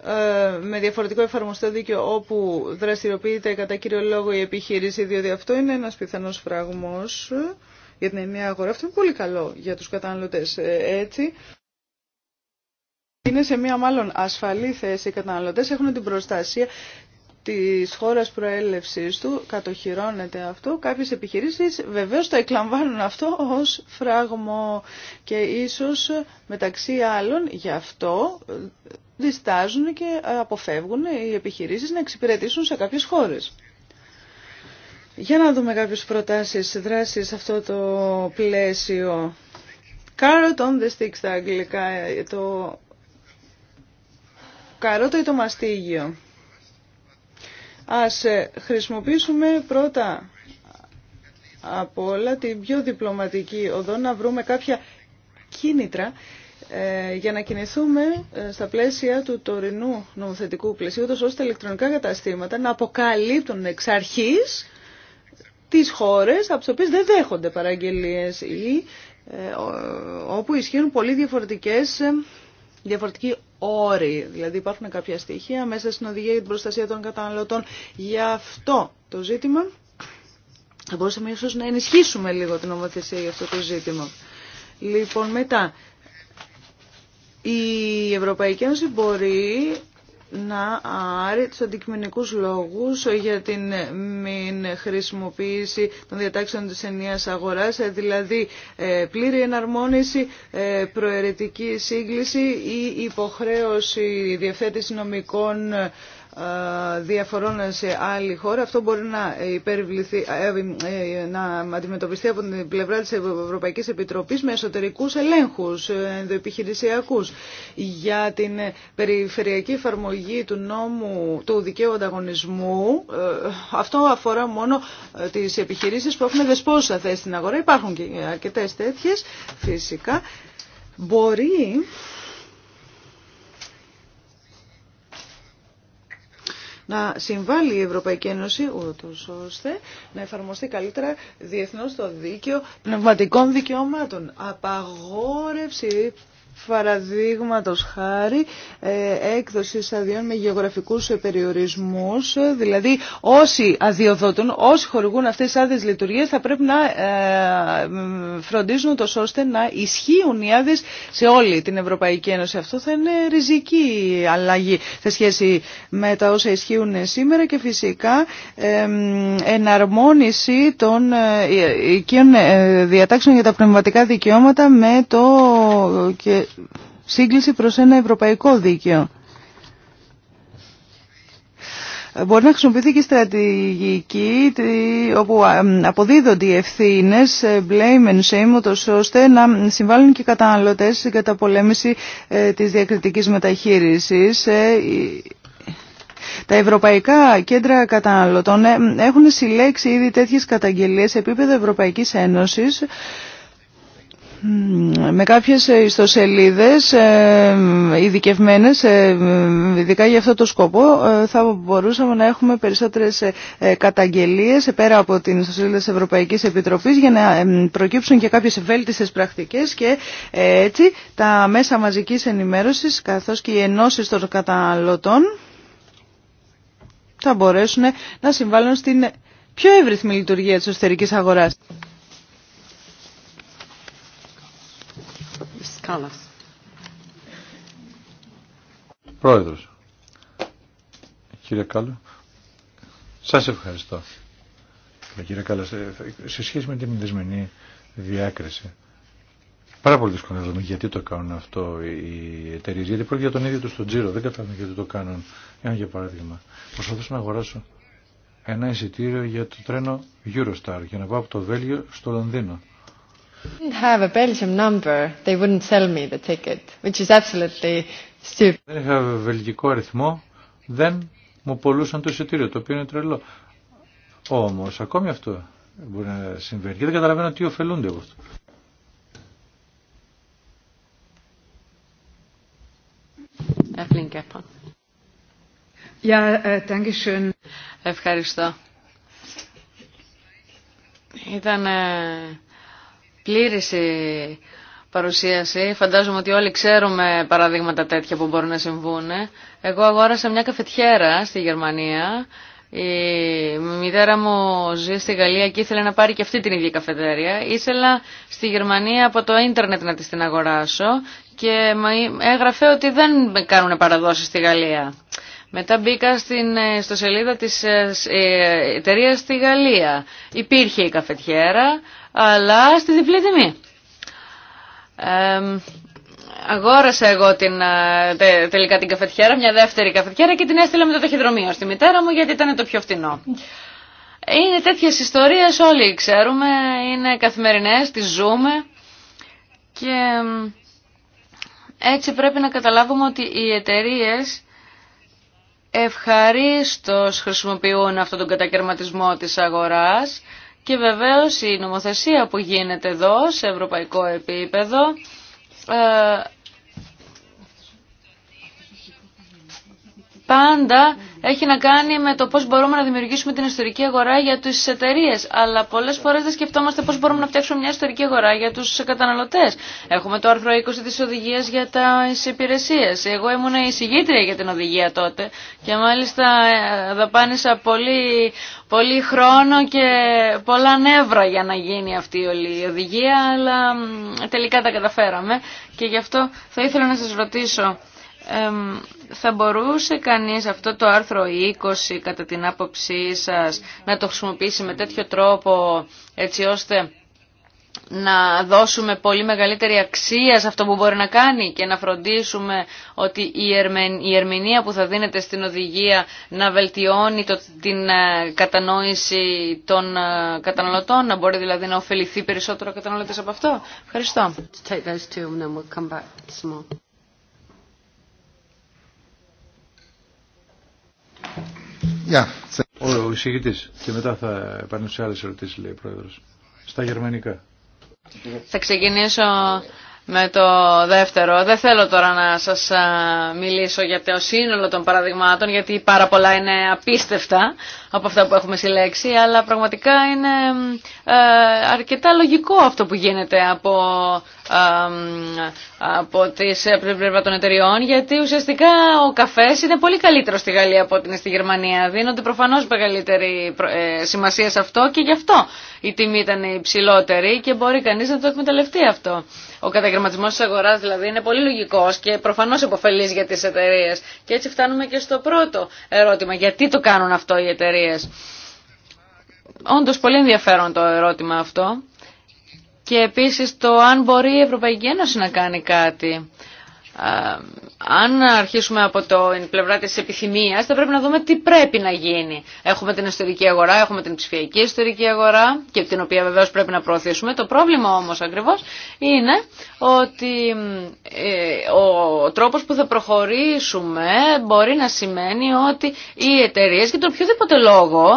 ε, με διαφορετικό εφαρμοστό δίκαιο όπου δραστηριοποιείται κατά κύριο λόγο η επιχείρηση, διότι αυτό είναι ένας πιθανός φραγμός για την ενιαία αγορά. Αυτό είναι πολύ καλό για τους καταναλωτές ε, έτσι. Είναι σε μία μάλλον ασφαλή θέση οι καταναλωτές, έχουν την προστασία της χώρας προέλευσης του, κατοχυρώνεται αυτό. Κάποιες επιχειρήσεις βεβαίως το εκλαμβάνουν αυτό ως φράγμο και ίσως μεταξύ άλλων γι' αυτό διστάζουν και αποφεύγουν οι επιχειρήσεις να εξυπηρετήσουν σε κάποιες χώρες. Για να δούμε κάποιες προτάσεις, δράσεις σε αυτό το πλαίσιο. Carrot on the stick στα αγγλικά, ε, το καρότο ή το μαστίγιο. Ας ε, χρησιμοποιήσουμε πρώτα από όλα την πιο διπλωματική οδό να βρούμε κάποια κίνητρα ε, για να κινηθούμε ε, στα πλαίσια του τωρινού νομοθετικού πλαισίου, ώστε τα ηλεκτρονικά καταστήματα να αποκαλύπτουν εξ αρχής τις χώρες από τις οποίες δεν δέχονται παραγγελίες ή ε, όπου ισχύουν πολύ διαφορετικές διαφορετικοί όροι. Δηλαδή υπάρχουν κάποια στοιχεία μέσα στην οδηγία για την προστασία των καταναλωτών. Γι' αυτό το ζήτημα θα μπορούσαμε ίσως να ενισχύσουμε λίγο την νομοθεσία για αυτό το ζήτημα. Λοιπόν, μετά, η Ευρωπαϊκή Ένωση μπορεί να άρει τους αντικειμενικούς λόγους για την μην χρησιμοποίηση των διατάξεων της ενίας αγοράς, ε, δηλαδή ε, πλήρη εναρμόνιση, ε, προαιρετική σύγκληση ή υποχρέωση διευθέτηση νομικών διαφορών σε άλλη χώρα. Αυτό μπορεί να, ε, ε, να αντιμετωπιστεί από την πλευρά της Ευρωπαϊκής Επιτροπής με εσωτερικούς ελέγχους ε, ενδοεπιχειρησιακούς για την περιφερειακή εφαρμογή του νόμου του δικαίου ανταγωνισμού. Αυτό αφορά μόνο τις επιχειρήσεις που έχουν δεσπόσα θέση στην αγορά. Υπάρχουν και αρκετές τέτοιες φυσικά. Μπορεί να συμβάλλει η Ευρωπαϊκή Ένωση ούτως ώστε να εφαρμοστεί καλύτερα διεθνώς το δίκαιο πνευματικών δικαιωμάτων. Απαγόρευση Παραδείγματο χάρη ε, έκδοση αδειών με γεωγραφικούς περιορισμούς, ε, δηλαδή όσοι αδειοδότουν, όσοι χορηγούν αυτές τις άδειες λειτουργίες θα πρέπει να ε, φροντίζουν το ώστε να ισχύουν οι άδειες σε όλη την Ευρωπαϊκή Ένωση. Αυτό θα είναι ριζική αλλαγή σε σχέση με τα όσα ισχύουν σήμερα και φυσικά εναρμόνιση των οικείων διατάξεων για τα πνευματικά δικαιώματα με το σύγκληση προς ένα ευρωπαϊκό δίκαιο. Μπορεί να χρησιμοποιηθεί και στρατηγική όπου αποδίδονται οι ευθύνε, ε, blame and shame, ώστε να συμβάλλουν και οι καταναλωτέ στην καταπολέμηση ε, της διακριτικής μεταχείρισης. Ε, τα ευρωπαϊκά κέντρα καταναλωτών έχουν συλλέξει ήδη τέτοιες καταγγελίες σε επίπεδο Ευρωπαϊκής Ένωσης με κάποιες ιστοσελίδες ε, ειδικευμένε, ε, ειδικά για αυτό το σκοπό ε, θα μπορούσαμε να έχουμε περισσότερες καταγγελίες πέρα από την ιστοσελίδα της Ευρωπαϊκής Επιτροπής για να προκύψουν και κάποιες ευέλτιστες πρακτικές και έτσι τα μέσα μαζικής ενημέρωσης καθώς και οι ενώσεις των καταναλωτών θα μπορέσουν να συμβάλλουν στην πιο εύρυθμη λειτουργία της εσωτερικής αγοράς. Κάλλας. Πρόεδρος. Κύριε Κάλλο. Σας ευχαριστώ. Κύριε Κάλλας, σε σχέση με την δεσμενή διάκριση, Πάρα πολύ δύσκολο γιατί το κάνουν αυτό οι εταιρείε. Γιατί πρόκειται για τον ίδιο του τον τζίρο. Δεν καταλαβαίνω γιατί το κάνουν. Ένα για παράδειγμα. Προσπαθούσα να αγοράσω ένα εισιτήριο για το τρένο Eurostar για να πάω από το Βέλγιο στο Λονδίνο. Δεν είχα βελγικό αριθμό, δεν μου πολλούσαν το εισιτήριο, το οποίο είναι τρελό. Όμως, ακόμη αυτό μπορεί να συμβαίνει και δεν καταλαβαίνω τι ωφελούνται από αυτό. Äh, Ευχαριστώ. Ήταν ε, πλήρης παρουσίαση. Φαντάζομαι ότι όλοι ξέρουμε παραδείγματα τέτοια που μπορούν να συμβούν. Εγώ αγόρασα μια καφετιέρα στη Γερμανία. Η μητέρα μου ζει στη Γαλλία και ήθελε να πάρει και αυτή την ίδια καφετέρια. Ήθελα στη Γερμανία από το ίντερνετ να της την αγοράσω και έγραφε ότι δεν κάνουν παραδόσεις στη Γαλλία. Μετά μπήκα στην, ε, στο σελίδα της ε, ε, εταιρεία στη Γαλλία. Υπήρχε η καφετιέρα, αλλά στη διπλή τιμή. αγόρασα εγώ την, ε, τελικά την καφετιέρα, μια δεύτερη καφετιέρα και την έστειλα με το ταχυδρομείο στη μητέρα μου γιατί ήταν το πιο φτηνό. Είναι τέτοιες ιστορίες όλοι ξέρουμε, είναι καθημερινές, τις ζούμε και έτσι πρέπει να καταλάβουμε ότι οι εταιρείε ευχαρίστως χρησιμοποιούν αυτόν τον κατακαιρματισμό της αγοράς και βεβαίως η νομοθεσία που γίνεται εδώ σε ευρωπαϊκό επίπεδο ε, πάντα έχει να κάνει με το πώς μπορούμε να δημιουργήσουμε την ιστορική αγορά για τις εταιρείε. Αλλά πολλές φορές δεν σκεφτόμαστε πώς μπορούμε να φτιάξουμε μια ιστορική αγορά για τους καταναλωτές. Έχουμε το άρθρο 20 της οδηγίας για τις υπηρεσίες. Εγώ ήμουν εισηγήτρια για την οδηγία τότε και μάλιστα ε, δαπάνησα πολύ, πολύ χρόνο και πολλά νεύρα για να γίνει αυτή η οδηγία, αλλά τελικά τα καταφέραμε και γι' αυτό θα ήθελα να σας ρωτήσω θα μπορούσε κανείς αυτό το άρθρο 20 κατά την άποψή σας να το χρησιμοποιήσει με τέτοιο τρόπο έτσι ώστε να δώσουμε πολύ μεγαλύτερη αξία σε αυτό που μπορεί να κάνει και να φροντίσουμε ότι η ερμηνεία που θα δίνεται στην οδηγία να βελτιώνει την ε, κατανόηση των ε, καταναλωτών, να μπορεί δηλαδή να ωφεληθεί περισσότερο ο από αυτό. Ευχαριστώ. Ο εισηγητή. Και μετά θα επανέλθω σε άλλε ερωτήσει, λέει ο Στα γερμανικά. Θα ξεκινήσω με το δεύτερο. Δεν θέλω τώρα να σας μιλήσω για το σύνολο των παραδειγμάτων, γιατί πάρα πολλά είναι απίστευτα από αυτά που έχουμε συλλέξει, αλλά πραγματικά είναι αρκετά λογικό αυτό που γίνεται από από τις ε, πλευρά των εταιριών γιατί ουσιαστικά ο καφές είναι πολύ καλύτερο στη Γαλλία από ότι είναι στη Γερμανία. Δίνονται προφανώς μεγαλύτερη ε, σημασία σε αυτό και γι' αυτό η τιμή ήταν υψηλότερη και μπορεί κανείς να το εκμεταλλευτεί αυτό. Ο καταγραμματισμός της αγοράς δηλαδή είναι πολύ λογικός και προφανώς αποφελείς για τις εταιρείε. Και έτσι φτάνουμε και στο πρώτο ερώτημα. Γιατί το κάνουν αυτό οι εταιρείε. Όντως πολύ ενδιαφέρον το ερώτημα αυτό και επίσης το αν μπορεί η Ευρωπαϊκή Ένωση να κάνει κάτι. Αν αρχίσουμε από την πλευρά της επιθυμίας, θα πρέπει να δούμε τι πρέπει να γίνει. Έχουμε την ιστορική αγορά, έχουμε την ψηφιακή ιστορική αγορά, και την οποία βεβαίως πρέπει να προωθήσουμε. Το πρόβλημα όμως ακριβώς είναι ότι ε, ο τρόπος που θα προχωρήσουμε μπορεί να σημαίνει ότι οι εταιρείες, και τον οποιοδήποτε λόγο,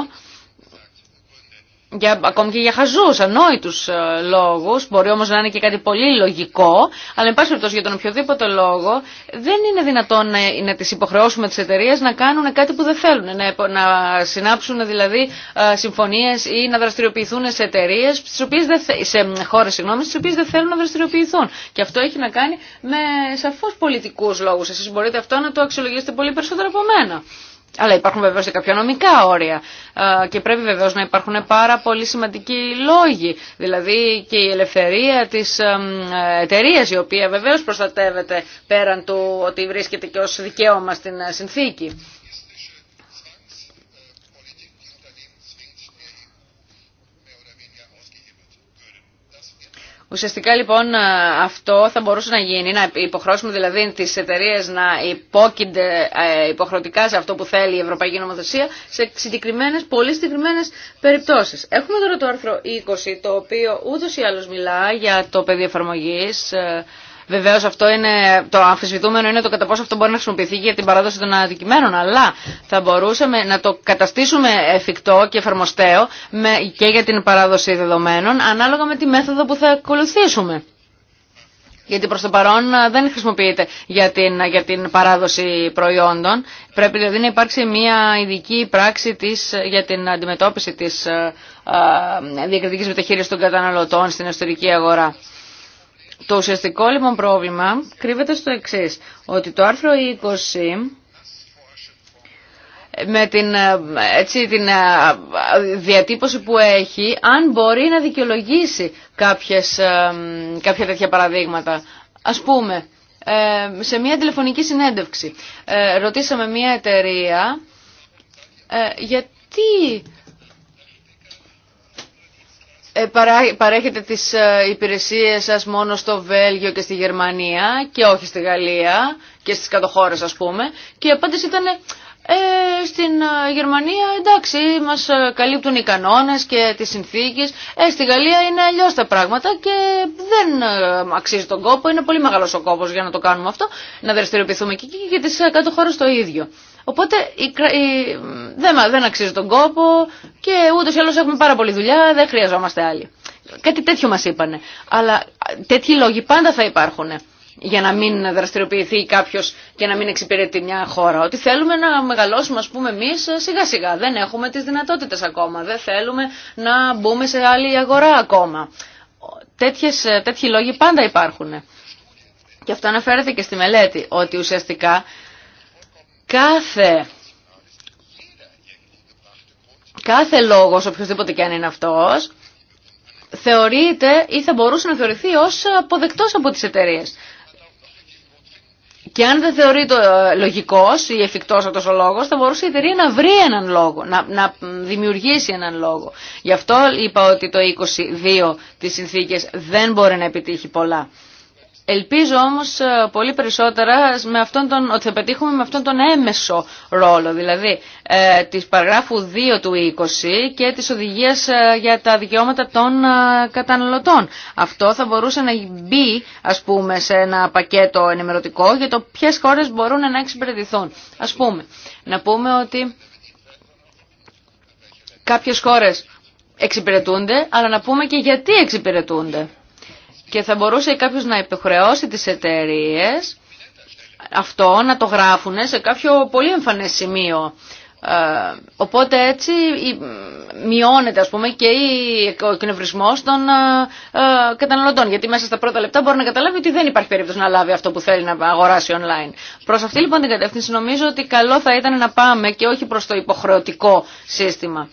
για, ακόμη και για χαζούς, ανόητους ε, λόγους, μπορεί όμως να είναι και κάτι πολύ λογικό, αλλά εν πάση περιπτώσει για τον οποιοδήποτε λόγο δεν είναι δυνατόν να, να τις υποχρεώσουμε τις εταιρείε να κάνουν κάτι που δεν θέλουν, να, να συνάψουν δηλαδή ε, συμφωνίες ή να δραστηριοποιηθούν σε εταιρείε, σε χώρες συγγνώμη, στις οποίες δεν θέλουν να δραστηριοποιηθούν. Και αυτό έχει να κάνει με σαφώ πολιτικούς λόγους. Εσείς μπορείτε αυτό να το αξιολογήσετε πολύ περισσότερο από μένα. Αλλά υπάρχουν βεβαίως και κάποια νομικά όρια και πρέπει βεβαίως να υπάρχουν πάρα πολύ σημαντικοί λόγοι. Δηλαδή και η ελευθερία της εταιρεία, η οποία βεβαίως προστατεύεται πέραν του ότι βρίσκεται και ως δικαίωμα στην συνθήκη. Ουσιαστικά λοιπόν ε, αυτό θα μπορούσε να γίνει, να υποχρώσουμε δηλαδή τις εταιρείε να υπόκεινται ε, υποχρεωτικά σε αυτό που θέλει η Ευρωπαϊκή Νομοθεσία σε συγκεκριμένες, πολύ συγκεκριμένε περιπτώσεις. Έχουμε τώρα το άρθρο 20 το οποίο ούτως ή άλλως μιλά για το πεδίο εφαρμογής ε, Βεβαίω αυτό είναι, το αμφισβητούμενο είναι το κατά πόσο αυτό μπορεί να χρησιμοποιηθεί για την παράδοση των αντικειμένων, αλλά θα μπορούσαμε να το καταστήσουμε εφικτό και εφαρμοστέο και για την παράδοση δεδομένων, ανάλογα με τη μέθοδο που θα ακολουθήσουμε. Γιατί προς το παρόν δεν χρησιμοποιείται για την, για την παράδοση προϊόντων. Πρέπει δηλαδή να υπάρξει μια ειδική πράξη της, για την αντιμετώπιση της διακριτική διακριτικής μεταχείρισης των καταναλωτών στην εσωτερική αγορά. Το ουσιαστικό λοιπόν πρόβλημα κρύβεται στο εξής, ότι το άρθρο 20 με την, ε, έτσι, την ε, διατύπωση που έχει, αν μπορεί να δικαιολογήσει κάποιες, ε, κάποια τέτοια παραδείγματα. Ας πούμε, σε μια τηλεφωνική συνέντευξη ρωτήσαμε μια εταιρεία γιατί ε, παρέχετε τις ε, υπηρεσίες σας μόνο στο Βέλγιο και στη Γερμανία και όχι στη Γαλλία και στις κατοχώρες ας πούμε και η απάντηση ήταν ε, στην ε, Γερμανία εντάξει μας καλύπτουν οι κανόνες και τις συνθήκες στη Γαλλία είναι αλλιώ τα πράγματα και δεν αξίζει τον κόπο είναι πολύ μεγάλος ο κόπος για να το κάνουμε αυτό να δραστηριοποιηθούμε και, και για τις κάτω το ίδιο Οπότε δεν, δεν αξίζει τον κόπο και ούτως ή άλλως έχουμε πάρα πολλή δουλειά, δεν χρειαζόμαστε άλλοι. Κάτι τέτοιο μας είπανε. Αλλά τέτοιοι λόγοι πάντα θα υπάρχουν για να μην δραστηριοποιηθεί κάποιο και να μην εξυπηρετεί μια χώρα. Ότι θέλουμε να μεγαλώσουμε, α πούμε, εμεί ε, σιγά σιγά. Δεν έχουμε τι δυνατότητε ακόμα. Δεν θέλουμε να μπούμε σε άλλη αγορά ακόμα. Τέτοιες, ε, τέτοιοι λόγοι πάντα υπάρχουν. Και αυτό αναφέρεται και στη μελέτη, ότι ουσιαστικά κάθε κάθε λόγος, οποιοδήποτε και αν είναι αυτός, θεωρείται ή θα μπορούσε να θεωρηθεί ως αποδεκτός από τις εταιρείε. Και αν δεν θεωρείται ε, λογικός ή εφικτός αυτός ο λόγος, θα μπορούσε η εταιρεία να βρει έναν λόγο, να, να δημιουργήσει έναν λόγο. Γι' αυτό είπα ότι το 22 της συνθήκες δεν μπορεί να επιτύχει πολλά. Ελπίζω όμως ε, πολύ περισσότερα με αυτόν τον, ότι θα πετύχουμε με αυτόν τον έμεσο ρόλο, δηλαδή ε, της παραγράφου 2 του 20 και της οδηγίας ε, για τα δικαιώματα των ε, καταναλωτών. Αυτό θα μπορούσε να μπει ας πούμε σε ένα πακέτο ενημερωτικό για το ποιες χώρες μπορούν να εξυπηρετηθούν. Ας πούμε, να πούμε ότι κάποιες χώρες εξυπηρετούνται, αλλά να πούμε και γιατί εξυπηρετούνται. Και θα μπορούσε κάποιος να υποχρεώσει τις εταιρείε αυτό να το γράφουν σε κάποιο πολύ εμφανές σημείο. Ε, οπότε έτσι μειώνεται ας πούμε και ο εκνευρισμός των ε, ε, καταναλωτών γιατί μέσα στα πρώτα λεπτά μπορεί να καταλάβει ότι δεν υπάρχει περίπτωση να λάβει αυτό που θέλει να αγοράσει online. Προς αυτή λοιπόν την κατεύθυνση νομίζω ότι καλό θα ήταν να πάμε και όχι προς το υποχρεωτικό σύστημα.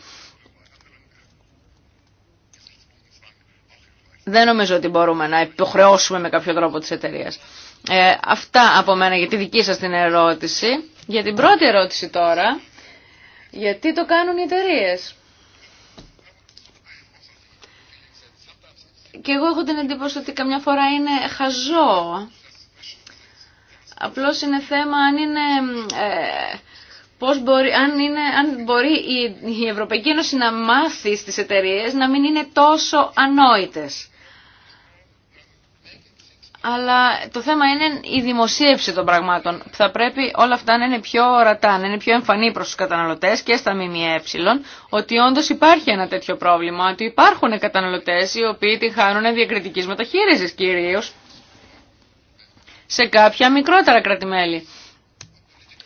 δεν νομίζω ότι μπορούμε να υποχρεώσουμε με κάποιο τρόπο τις εταιρείε. Ε, αυτά από μένα για τη δική σας την ερώτηση. Για την πρώτη ερώτηση τώρα, γιατί το κάνουν οι εταιρείε. Και εγώ έχω την εντύπωση ότι καμιά φορά είναι χαζό. Απλώς είναι θέμα αν είναι... Ε, πώς μπορεί, αν, είναι, αν μπορεί η, Ευρωπαϊκή Ένωση να μάθει στις εταιρείε να μην είναι τόσο ανόητες αλλά το θέμα είναι η δημοσίευση των πραγμάτων. Θα πρέπει όλα αυτά να είναι πιο ορατά, να είναι πιο εμφανή προς τους καταναλωτές και στα ΜΜΕ, ότι όντως υπάρχει ένα τέτοιο πρόβλημα, ότι υπάρχουν καταναλωτές οι οποίοι τη χάνουν διακριτικής μεταχείρισης κυρίως σε κάποια μικρότερα κρατημέλη.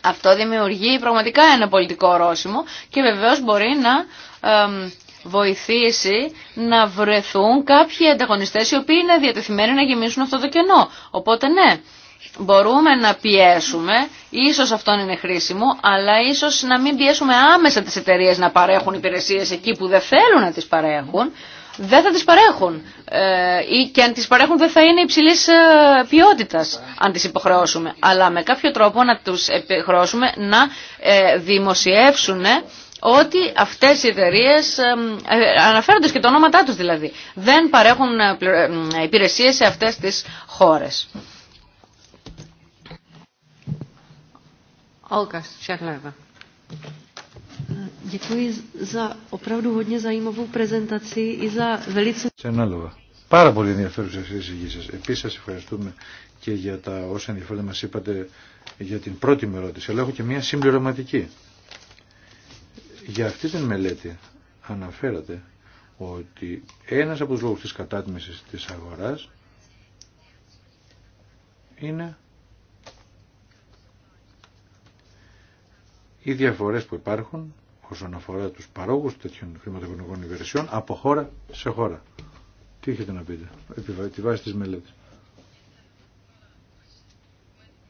Αυτό δημιουργεί πραγματικά ένα πολιτικό ορόσημο και βεβαίως μπορεί να βοηθήσει να βρεθούν κάποιοι ανταγωνιστές οι οποίοι είναι διατεθειμένοι να γεμίσουν αυτό το κενό. Οπότε ναι, μπορούμε να πιέσουμε, ίσως αυτό είναι χρήσιμο, αλλά ίσως να μην πιέσουμε άμεσα τις εταιρείες να παρέχουν υπηρεσίες εκεί που δεν θέλουν να τις παρέχουν, δεν θα τις παρέχουν ε, ή και αν τις παρέχουν δεν θα είναι υψηλή ε, ποιότητας αν τις υποχρεώσουμε. Αλλά με κάποιο τρόπο να τους υποχρεώσουμε να ε, δημοσιεύσουν ότι αυτές οι εταιρείε ε, αναφέρονται και τα ονόματά του, δηλαδή, δεν παρέχουν ε, υπηρεσίες σε αυτές τις χώρες. Olga Šerleva. Πάρα πολύ ενδιαφέρουσα η εισηγή σα. Επίση, σα ευχαριστούμε και για τα όσα ενδιαφέροντα μα είπατε για την πρώτη με ερώτηση. Αλλά έχω και μια συμπληρωματική. Για αυτή την μελέτη αναφέρατε ότι ένας από τους λόγους της κατάτμισης της αγοράς είναι οι διαφορές που υπάρχουν όσον αφορά τους παρόγους τέτοιων χρηματοοικονομικών υπηρεσιών από χώρα σε χώρα. Τι έχετε να πείτε, επί τη βάση της μελέτης.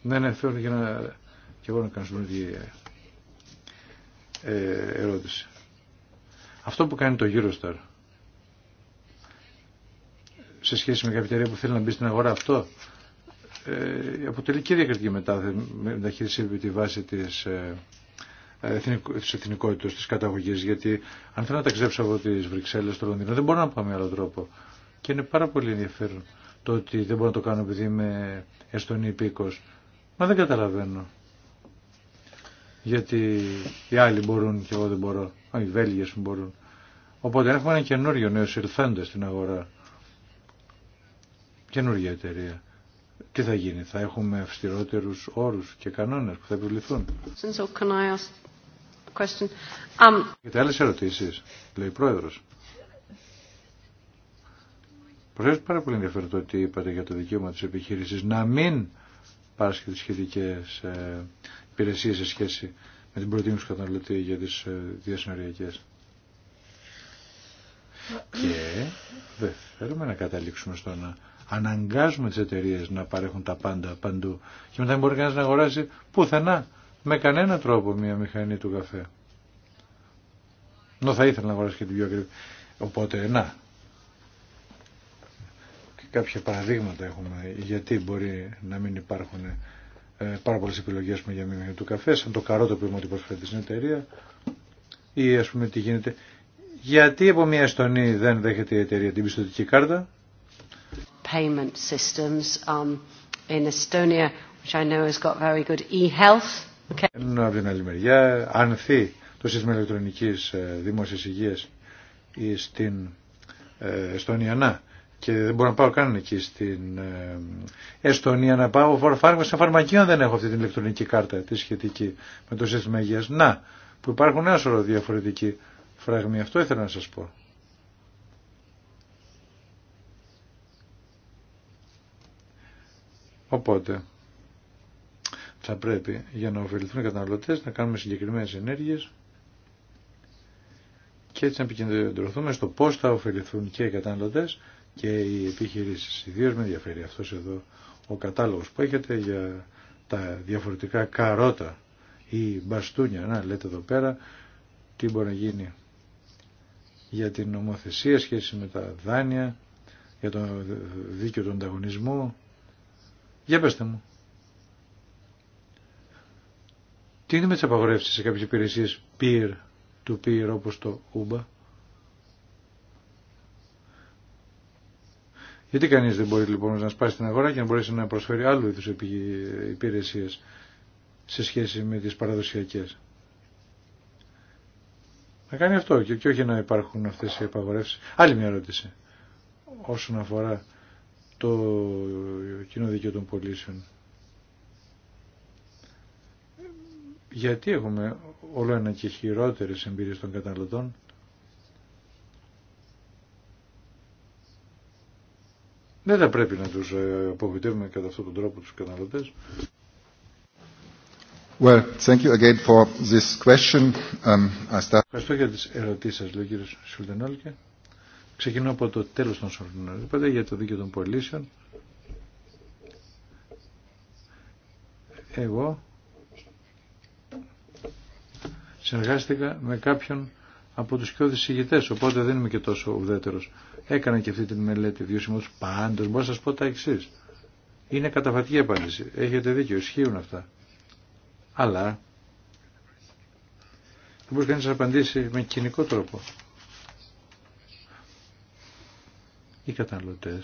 Ναι, ναι, θέλω για να... και εγώ να κάνω την ε, ερώτηση. Αυτό που κάνει το Eurostar σε σχέση με κάποια εταιρεία που θέλει να μπει στην αγορά αυτό ε, αποτελεί και διακριτική μεταχείριση επί τη βάση της ε, ε της εθνικότητας, της καταγωγής, γιατί αν θέλω να ταξιδέψω από τις Βρυξέλλες στο Λονδίνο δεν μπορώ να πάω με άλλο τρόπο. Και είναι πάρα πολύ ενδιαφέρον το ότι δεν μπορώ να το κάνω επειδή είμαι Εστονή υπήκος. Μα δεν καταλαβαίνω γιατί οι άλλοι μπορούν και εγώ δεν μπορώ, οι Βέλγες μου μπορούν. Οπότε έχουμε ένα καινούριο νέο συρθέντα στην αγορά. Καινούργια εταιρεία. Τι θα γίνει, θα έχουμε αυστηρότερους όρους και κανόνες που θα επιβληθούν. Um, Έχετε άλλες ερωτήσεις, λέει ο Πρόεδρος. Προσέξτε πάρα πολύ ενδιαφέρον το ότι είπατε για το δικαίωμα της επιχείρησης να μην πάσχει τις σχετικές ε, υπηρεσίες σε σχέση με την προτίμηση του καταναλωτή για τις ε, διασυνοριακές. Και δεν θέλουμε να καταλήξουμε στο να αναγκάζουμε τις εταιρείε να παρέχουν τα πάντα παντού και μετά μπορεί κανένας να αγοράσει πουθενά με κανένα τρόπο μια μηχανή του καφέ. Νο θα ήθελα να αγοράσει και την πιο ακριβή. Οπότε, να. Και κάποια παραδείγματα έχουμε γιατί μπορεί να μην υπάρχουν ε, πάρα πολλέ επιλογέ για μήνυμα του καφέ, σαν το καρότο που ότι προσφέρει στην εταιρεία, ή α πούμε τι γίνεται. Γιατί από μια Εστονή δεν δέχεται η εταιρεία την πιστοτική κάρτα. Payment systems um, in Estonia, which I know has got very good e-health. Okay. Ενώ από την άλλη μεριά ανθεί το σύστημα ηλεκτρονικής ε, δημόσιας ε, στην ε, Εστονία. Να, και δεν μπορώ να πάω καν εκεί στην ε, Εστονία να πάω φάρμακα σε φαρμακείο δεν έχω αυτή την ηλεκτρονική κάρτα τη σχετική με το σύστημα υγείας. Να, που υπάρχουν ένα σωρό διαφορετικοί φραγμοί. Αυτό ήθελα να σας πω. Οπότε θα πρέπει για να ωφεληθούν οι καταναλωτές να κάνουμε συγκεκριμένες ενέργειες και έτσι να επικεντρωθούμε στο πώς θα ωφεληθούν και οι καταναλωτές και οι επιχειρήσεις. ιδίω με ενδιαφέρει αυτό εδώ ο κατάλογος που έχετε για τα διαφορετικά καρότα ή μπαστούνια. Να λέτε εδώ πέρα τι μπορεί να γίνει για την νομοθεσία σχέση με τα δάνεια, για το δίκαιο του ανταγωνισμού. Για πέστε μου. Τι είναι με τι απαγορεύσει σε κάποιε υπηρεσίε peer to peer όπω το Uber. Γιατί κανείς δεν μπορεί λοιπόν να σπάσει την αγορά και να μπορέσει να προσφέρει άλλου είδους υπηρεσίες σε σχέση με τις παραδοσιακές. Να κάνει αυτό και, και όχι να υπάρχουν αυτές οι απαγορεύσεις. Άλλη μια ερώτηση όσον αφορά το κοινό δίκαιο των πωλήσεων. Γιατί έχουμε όλο ένα και χειρότερες εμπειρίες των καταναλωτών Ναι, δεν θα πρέπει να τους ε, απογοητεύουμε κατά αυτόν τον τρόπο τους καταναλωτές. Well, thank you again for this question. Um, I start... Ευχαριστώ για τις ερωτήσεις σας, λέει ο κύριος Σουλτενόλκε. Ξεκινώ από το τέλος των Σουλτενόλκε. Είπατε για το δίκαιο των πολίσεων. Εγώ συνεργάστηκα με κάποιον από τους πιο δυσηγητές, οπότε δεν είμαι και τόσο ουδέτερος. Έκανα και αυτή τη μελέτη βιώσιμου. πάντως, μπορώ να σας πω τα εξή. Είναι καταφατική απάντηση, έχετε δίκιο, ισχύουν αυτά. Αλλά δεν μπορεί κανείς να απαντήσει με κοινικό τρόπο. Οι καταναλωτέ.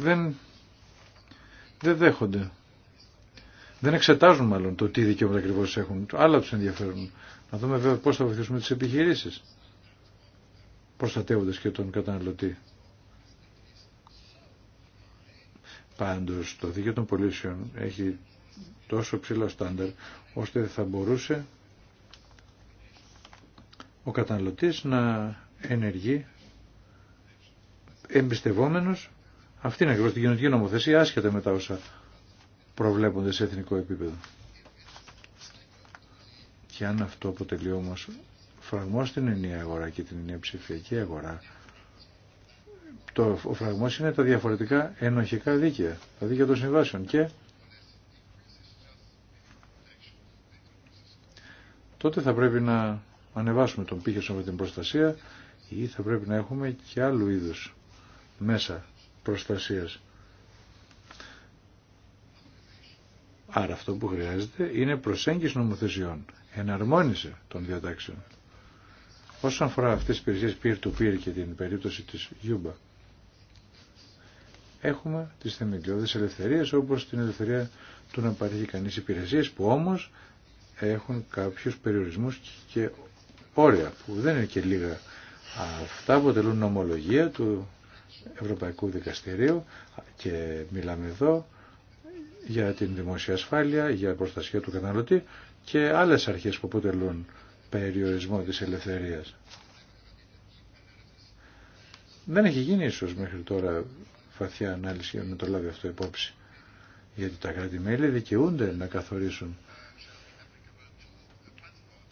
δεν, δεν δέχονται. Δεν εξετάζουν μάλλον το τι δικαιώματα ακριβώ έχουν. Άλλα του ενδιαφέρουν. Να δούμε βέβαια πώ θα βοηθήσουμε τι επιχειρήσει. Προστατεύοντα και τον καταναλωτή. Πάντω το δίκαιο των πολίσεων έχει τόσο ψηλό στάνταρ ώστε θα μπορούσε ο καταναλωτής να ενεργεί εμπιστευόμενος αυτή είναι ακριβώς την κοινωνική νομοθεσία άσχετα με τα όσα προβλέπονται σε εθνικό επίπεδο. Και αν αυτό αποτελεί όμως φραγμό στην ενιαία αγορά και την ενιαία ψηφιακή αγορά, το, ο φραγμός είναι τα διαφορετικά ενοχικά δίκαια, τα δίκαια των συμβάσεων και τότε θα πρέπει να ανεβάσουμε τον πύχη με την προστασία ή θα πρέπει να έχουμε και άλλου είδους μέσα προστασίας. Άρα αυτό που χρειάζεται είναι προσέγγιση νομοθεσιών, εναρμόνιση των διατάξεων. Όσον αφορά αυτές τις υπηρεσίες peer-to-peer και την περίπτωση της Γιούμπα, έχουμε τις θεμελιώδεις ελευθερίες όπως την ελευθερία του να παρέχει κανείς υπηρεσίες που όμως έχουν κάποιους περιορισμούς και όρια που δεν είναι και λίγα. Αυτά αποτελούν νομολογία του Ευρωπαϊκού Δικαστηρίου και μιλάμε εδώ για την δημόσια ασφάλεια, για προστασία του καταναλωτή και άλλες αρχές που αποτελούν περιορισμό της ελευθερίας. Δεν έχει γίνει ίσως μέχρι τώρα βαθιά ανάλυση για να το λάβει αυτό υπόψη. Γιατί τα κράτη-μέλη δικαιούνται να καθορίσουν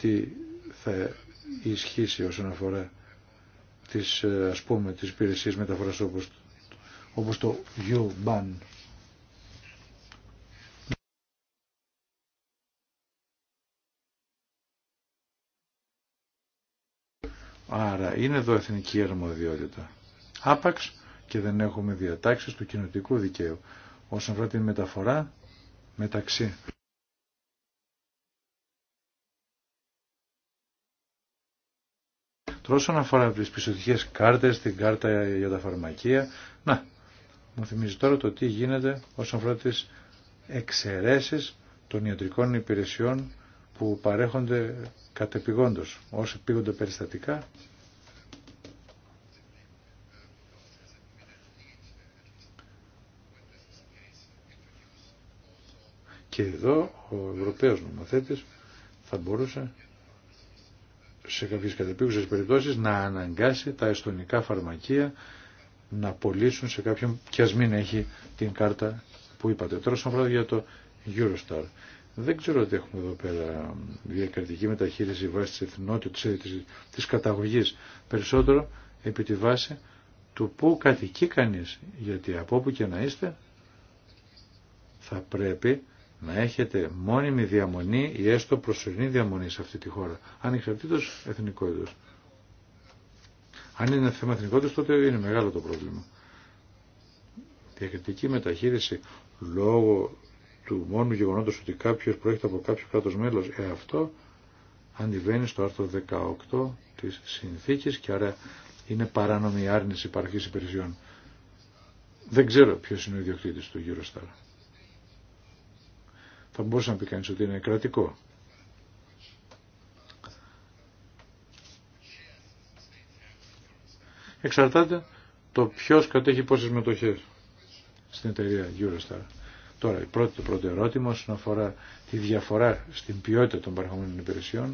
τι θα ισχύσει όσον αφορά της, ε, ας πούμε, της υπηρεσίας μεταφοράς όπως, όπως το U-Ban. Άρα είναι εδώ εθνική αρμοδιότητα. Άπαξ και δεν έχουμε διατάξεις του κοινωτικού δικαίου όσον αφορά την μεταφορά μεταξύ Τώρα όσον αφορά τις πιστοτικές κάρτες, την κάρτα για τα φαρμακεία, να, μου θυμίζει τώρα το τι γίνεται όσον αφορά τις εξαιρέσεις των ιατρικών υπηρεσιών που παρέχονται κατεπηγόντως, όσοι πήγονται περιστατικά. Και εδώ ο Ευρωπαίος νομοθέτης θα μπορούσε σε κάποιες κατεπίγουσες περιπτώσεις να αναγκάσει τα εστονικά φαρμακεία να πωλήσουν σε κάποιον και ας μην έχει την κάρτα που είπατε. Τώρα σαν για το Eurostar. Δεν ξέρω ότι έχουμε εδώ πέρα διακριτική μεταχείριση βάσει της εθνότητας, της, της καταγωγής. Περισσότερο επί τη βάση του πού κατοικεί κανείς. Γιατί από όπου και να είστε θα πρέπει να έχετε μόνιμη διαμονή ή έστω προσωρινή διαμονή σε αυτή τη χώρα, Αν εθνικό εθνικότητας. Αν είναι θέμα εθνικότητας τότε είναι μεγάλο το πρόβλημα. Διακριτική μεταχείριση λόγω του μόνου γεγονότος ότι κάποιος προέρχεται από κάποιο κράτος μέλος, ε, αυτό αντιβαίνει στο άρθρο 18 της συνθήκης και άρα είναι παράνομη άρνηση υπαρχής υπηρεσιών. Δεν ξέρω ποιος είναι ο ιδιοκτήτης του Eurostar θα μπορούσε να πει κανείς ότι είναι κρατικό. Εξαρτάται το ποιος κατέχει πόσες μετοχές στην εταιρεία Eurostar. Τώρα, η πρώτη, το πρώτο ερώτημα όσον αφορά τη διαφορά στην ποιότητα των παρεχόμενων υπηρεσιών.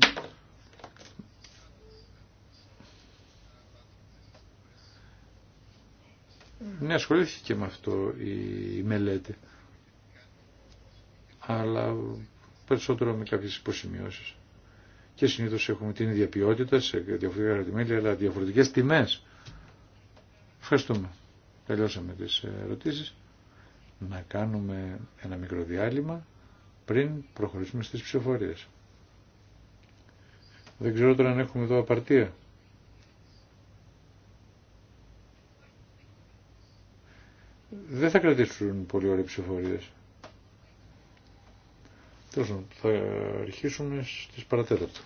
Ναι, ασχολήθηκε και με αυτό η μελέτη αλλά περισσότερο με κάποιες υποσημειώσεις. Και συνήθως έχουμε την ίδια ποιότητα σε διαφορετικά κρατημέλια, αλλά διαφορετικές τιμές. Ευχαριστούμε. Τελειώσαμε τις ερωτήσεις. Να κάνουμε ένα μικρό διάλειμμα πριν προχωρήσουμε στις ψηφοφορίες. Δεν ξέρω τώρα αν έχουμε εδώ απαρτία. Δεν θα κρατήσουν πολύ ωραία ψηφοφορίες θα αρχίσουμε στις παρατέταρτο.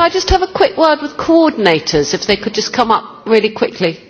I just have a quick word with coordinators, if they could just come up really quickly?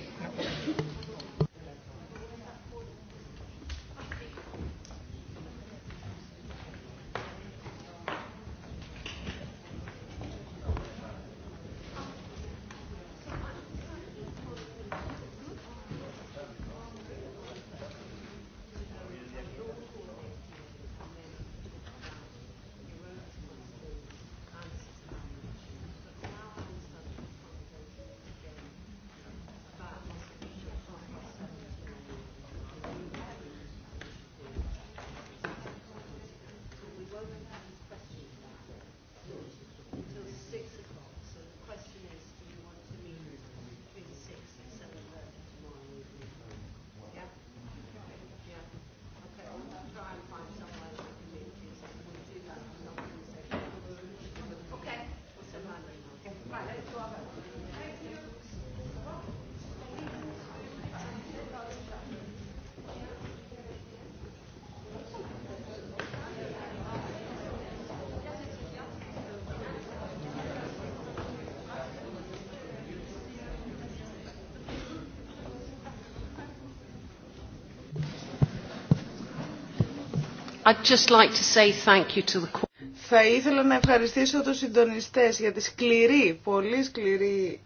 Θα ήθελα να ευχαριστήσω τους συντονιστές για τη σκληρή, πολύ σκληρή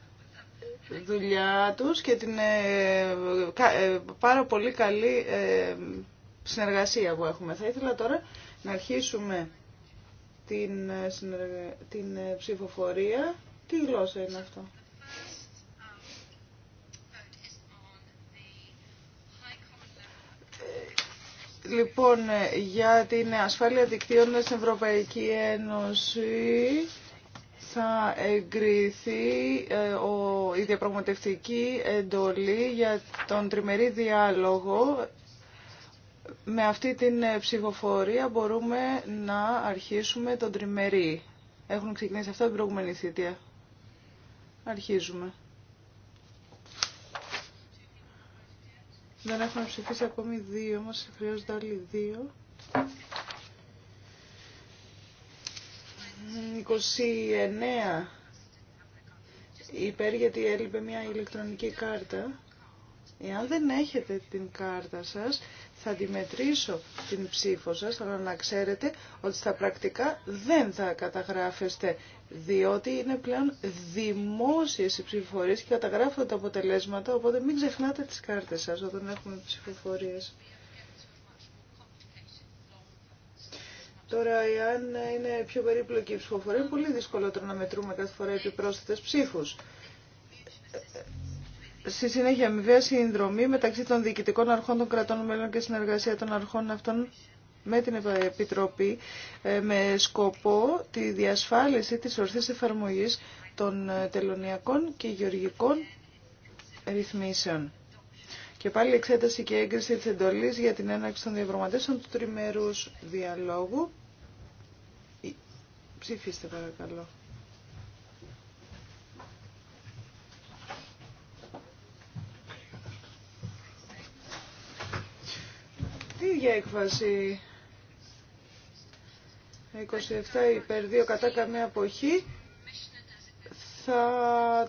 δουλειά τους και την ε, ε, πάρα πολύ καλή ε, συνεργασία που έχουμε. Θα ήθελα τώρα να αρχίσουμε την, την ψηφοφορία. Τι γλώσσα είναι αυτό. Λοιπόν, για την ασφάλεια δικτύων στην Ευρωπαϊκή Ένωση θα εγκριθεί ε, η διαπραγματευτική εντολή για τον τριμερή διάλογο. Με αυτή την ψηφοφορία μπορούμε να αρχίσουμε τον τριμερή. Έχουν ξεκινήσει αυτά την προηγούμενη θητεία. Αρχίζουμε. Δεν έχουμε ψηφίσει ακόμη δύο, Όμω χρειάζονται άλλοι δύο. 29 υπέρ γιατί έλειπε μια ηλεκτρονική κάρτα. Εάν δεν έχετε την κάρτα σας, θα αντιμετρήσω την ψήφο σας, αλλά να ξέρετε ότι στα πρακτικά δεν θα καταγράφεστε, διότι είναι πλέον δημόσιες οι ψηφοφορίες και καταγράφονται τα αποτελέσματα, οπότε μην ξεχνάτε τις κάρτες σας όταν έχουμε ψηφοφορίες. Τώρα, εάν είναι πιο περίπλοκη η ψηφοφορία, είναι πολύ δύσκολο να μετρούμε κάθε φορά επιπρόσθετες ψήφους. Στη συνέχεια, αμοιβαία συνδρομή μεταξύ των διοικητικών αρχών των κρατών μέλων και συνεργασία των αρχών αυτών με την Επιτροπή ε, με σκοπό τη διασφάλιση της ορθής εφαρμογής των ε, τελωνιακών και γεωργικών ρυθμίσεων. Και πάλι εξέταση και έγκριση της εντολής για την έναρξη των διαπραγματεύσεων του τριμερούς διαλόγου. Ψηφίστε παρακαλώ. η ίδια έκφαση. 27 υπέρ 2 κατά καμία αποχή. Θα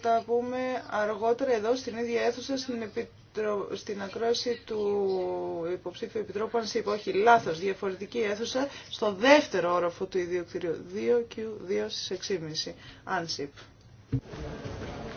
τα πούμε αργότερα εδώ στην ίδια αίθουσα στην, επιτρο... στην ακρόαση του υποψήφιου επιτρόπου. Αν είπα, όχι, λάθο, διαφορετική αίθουσα στο δεύτερο όροφο του ιδιοκτηρίου. 2Q2 στι 6.30.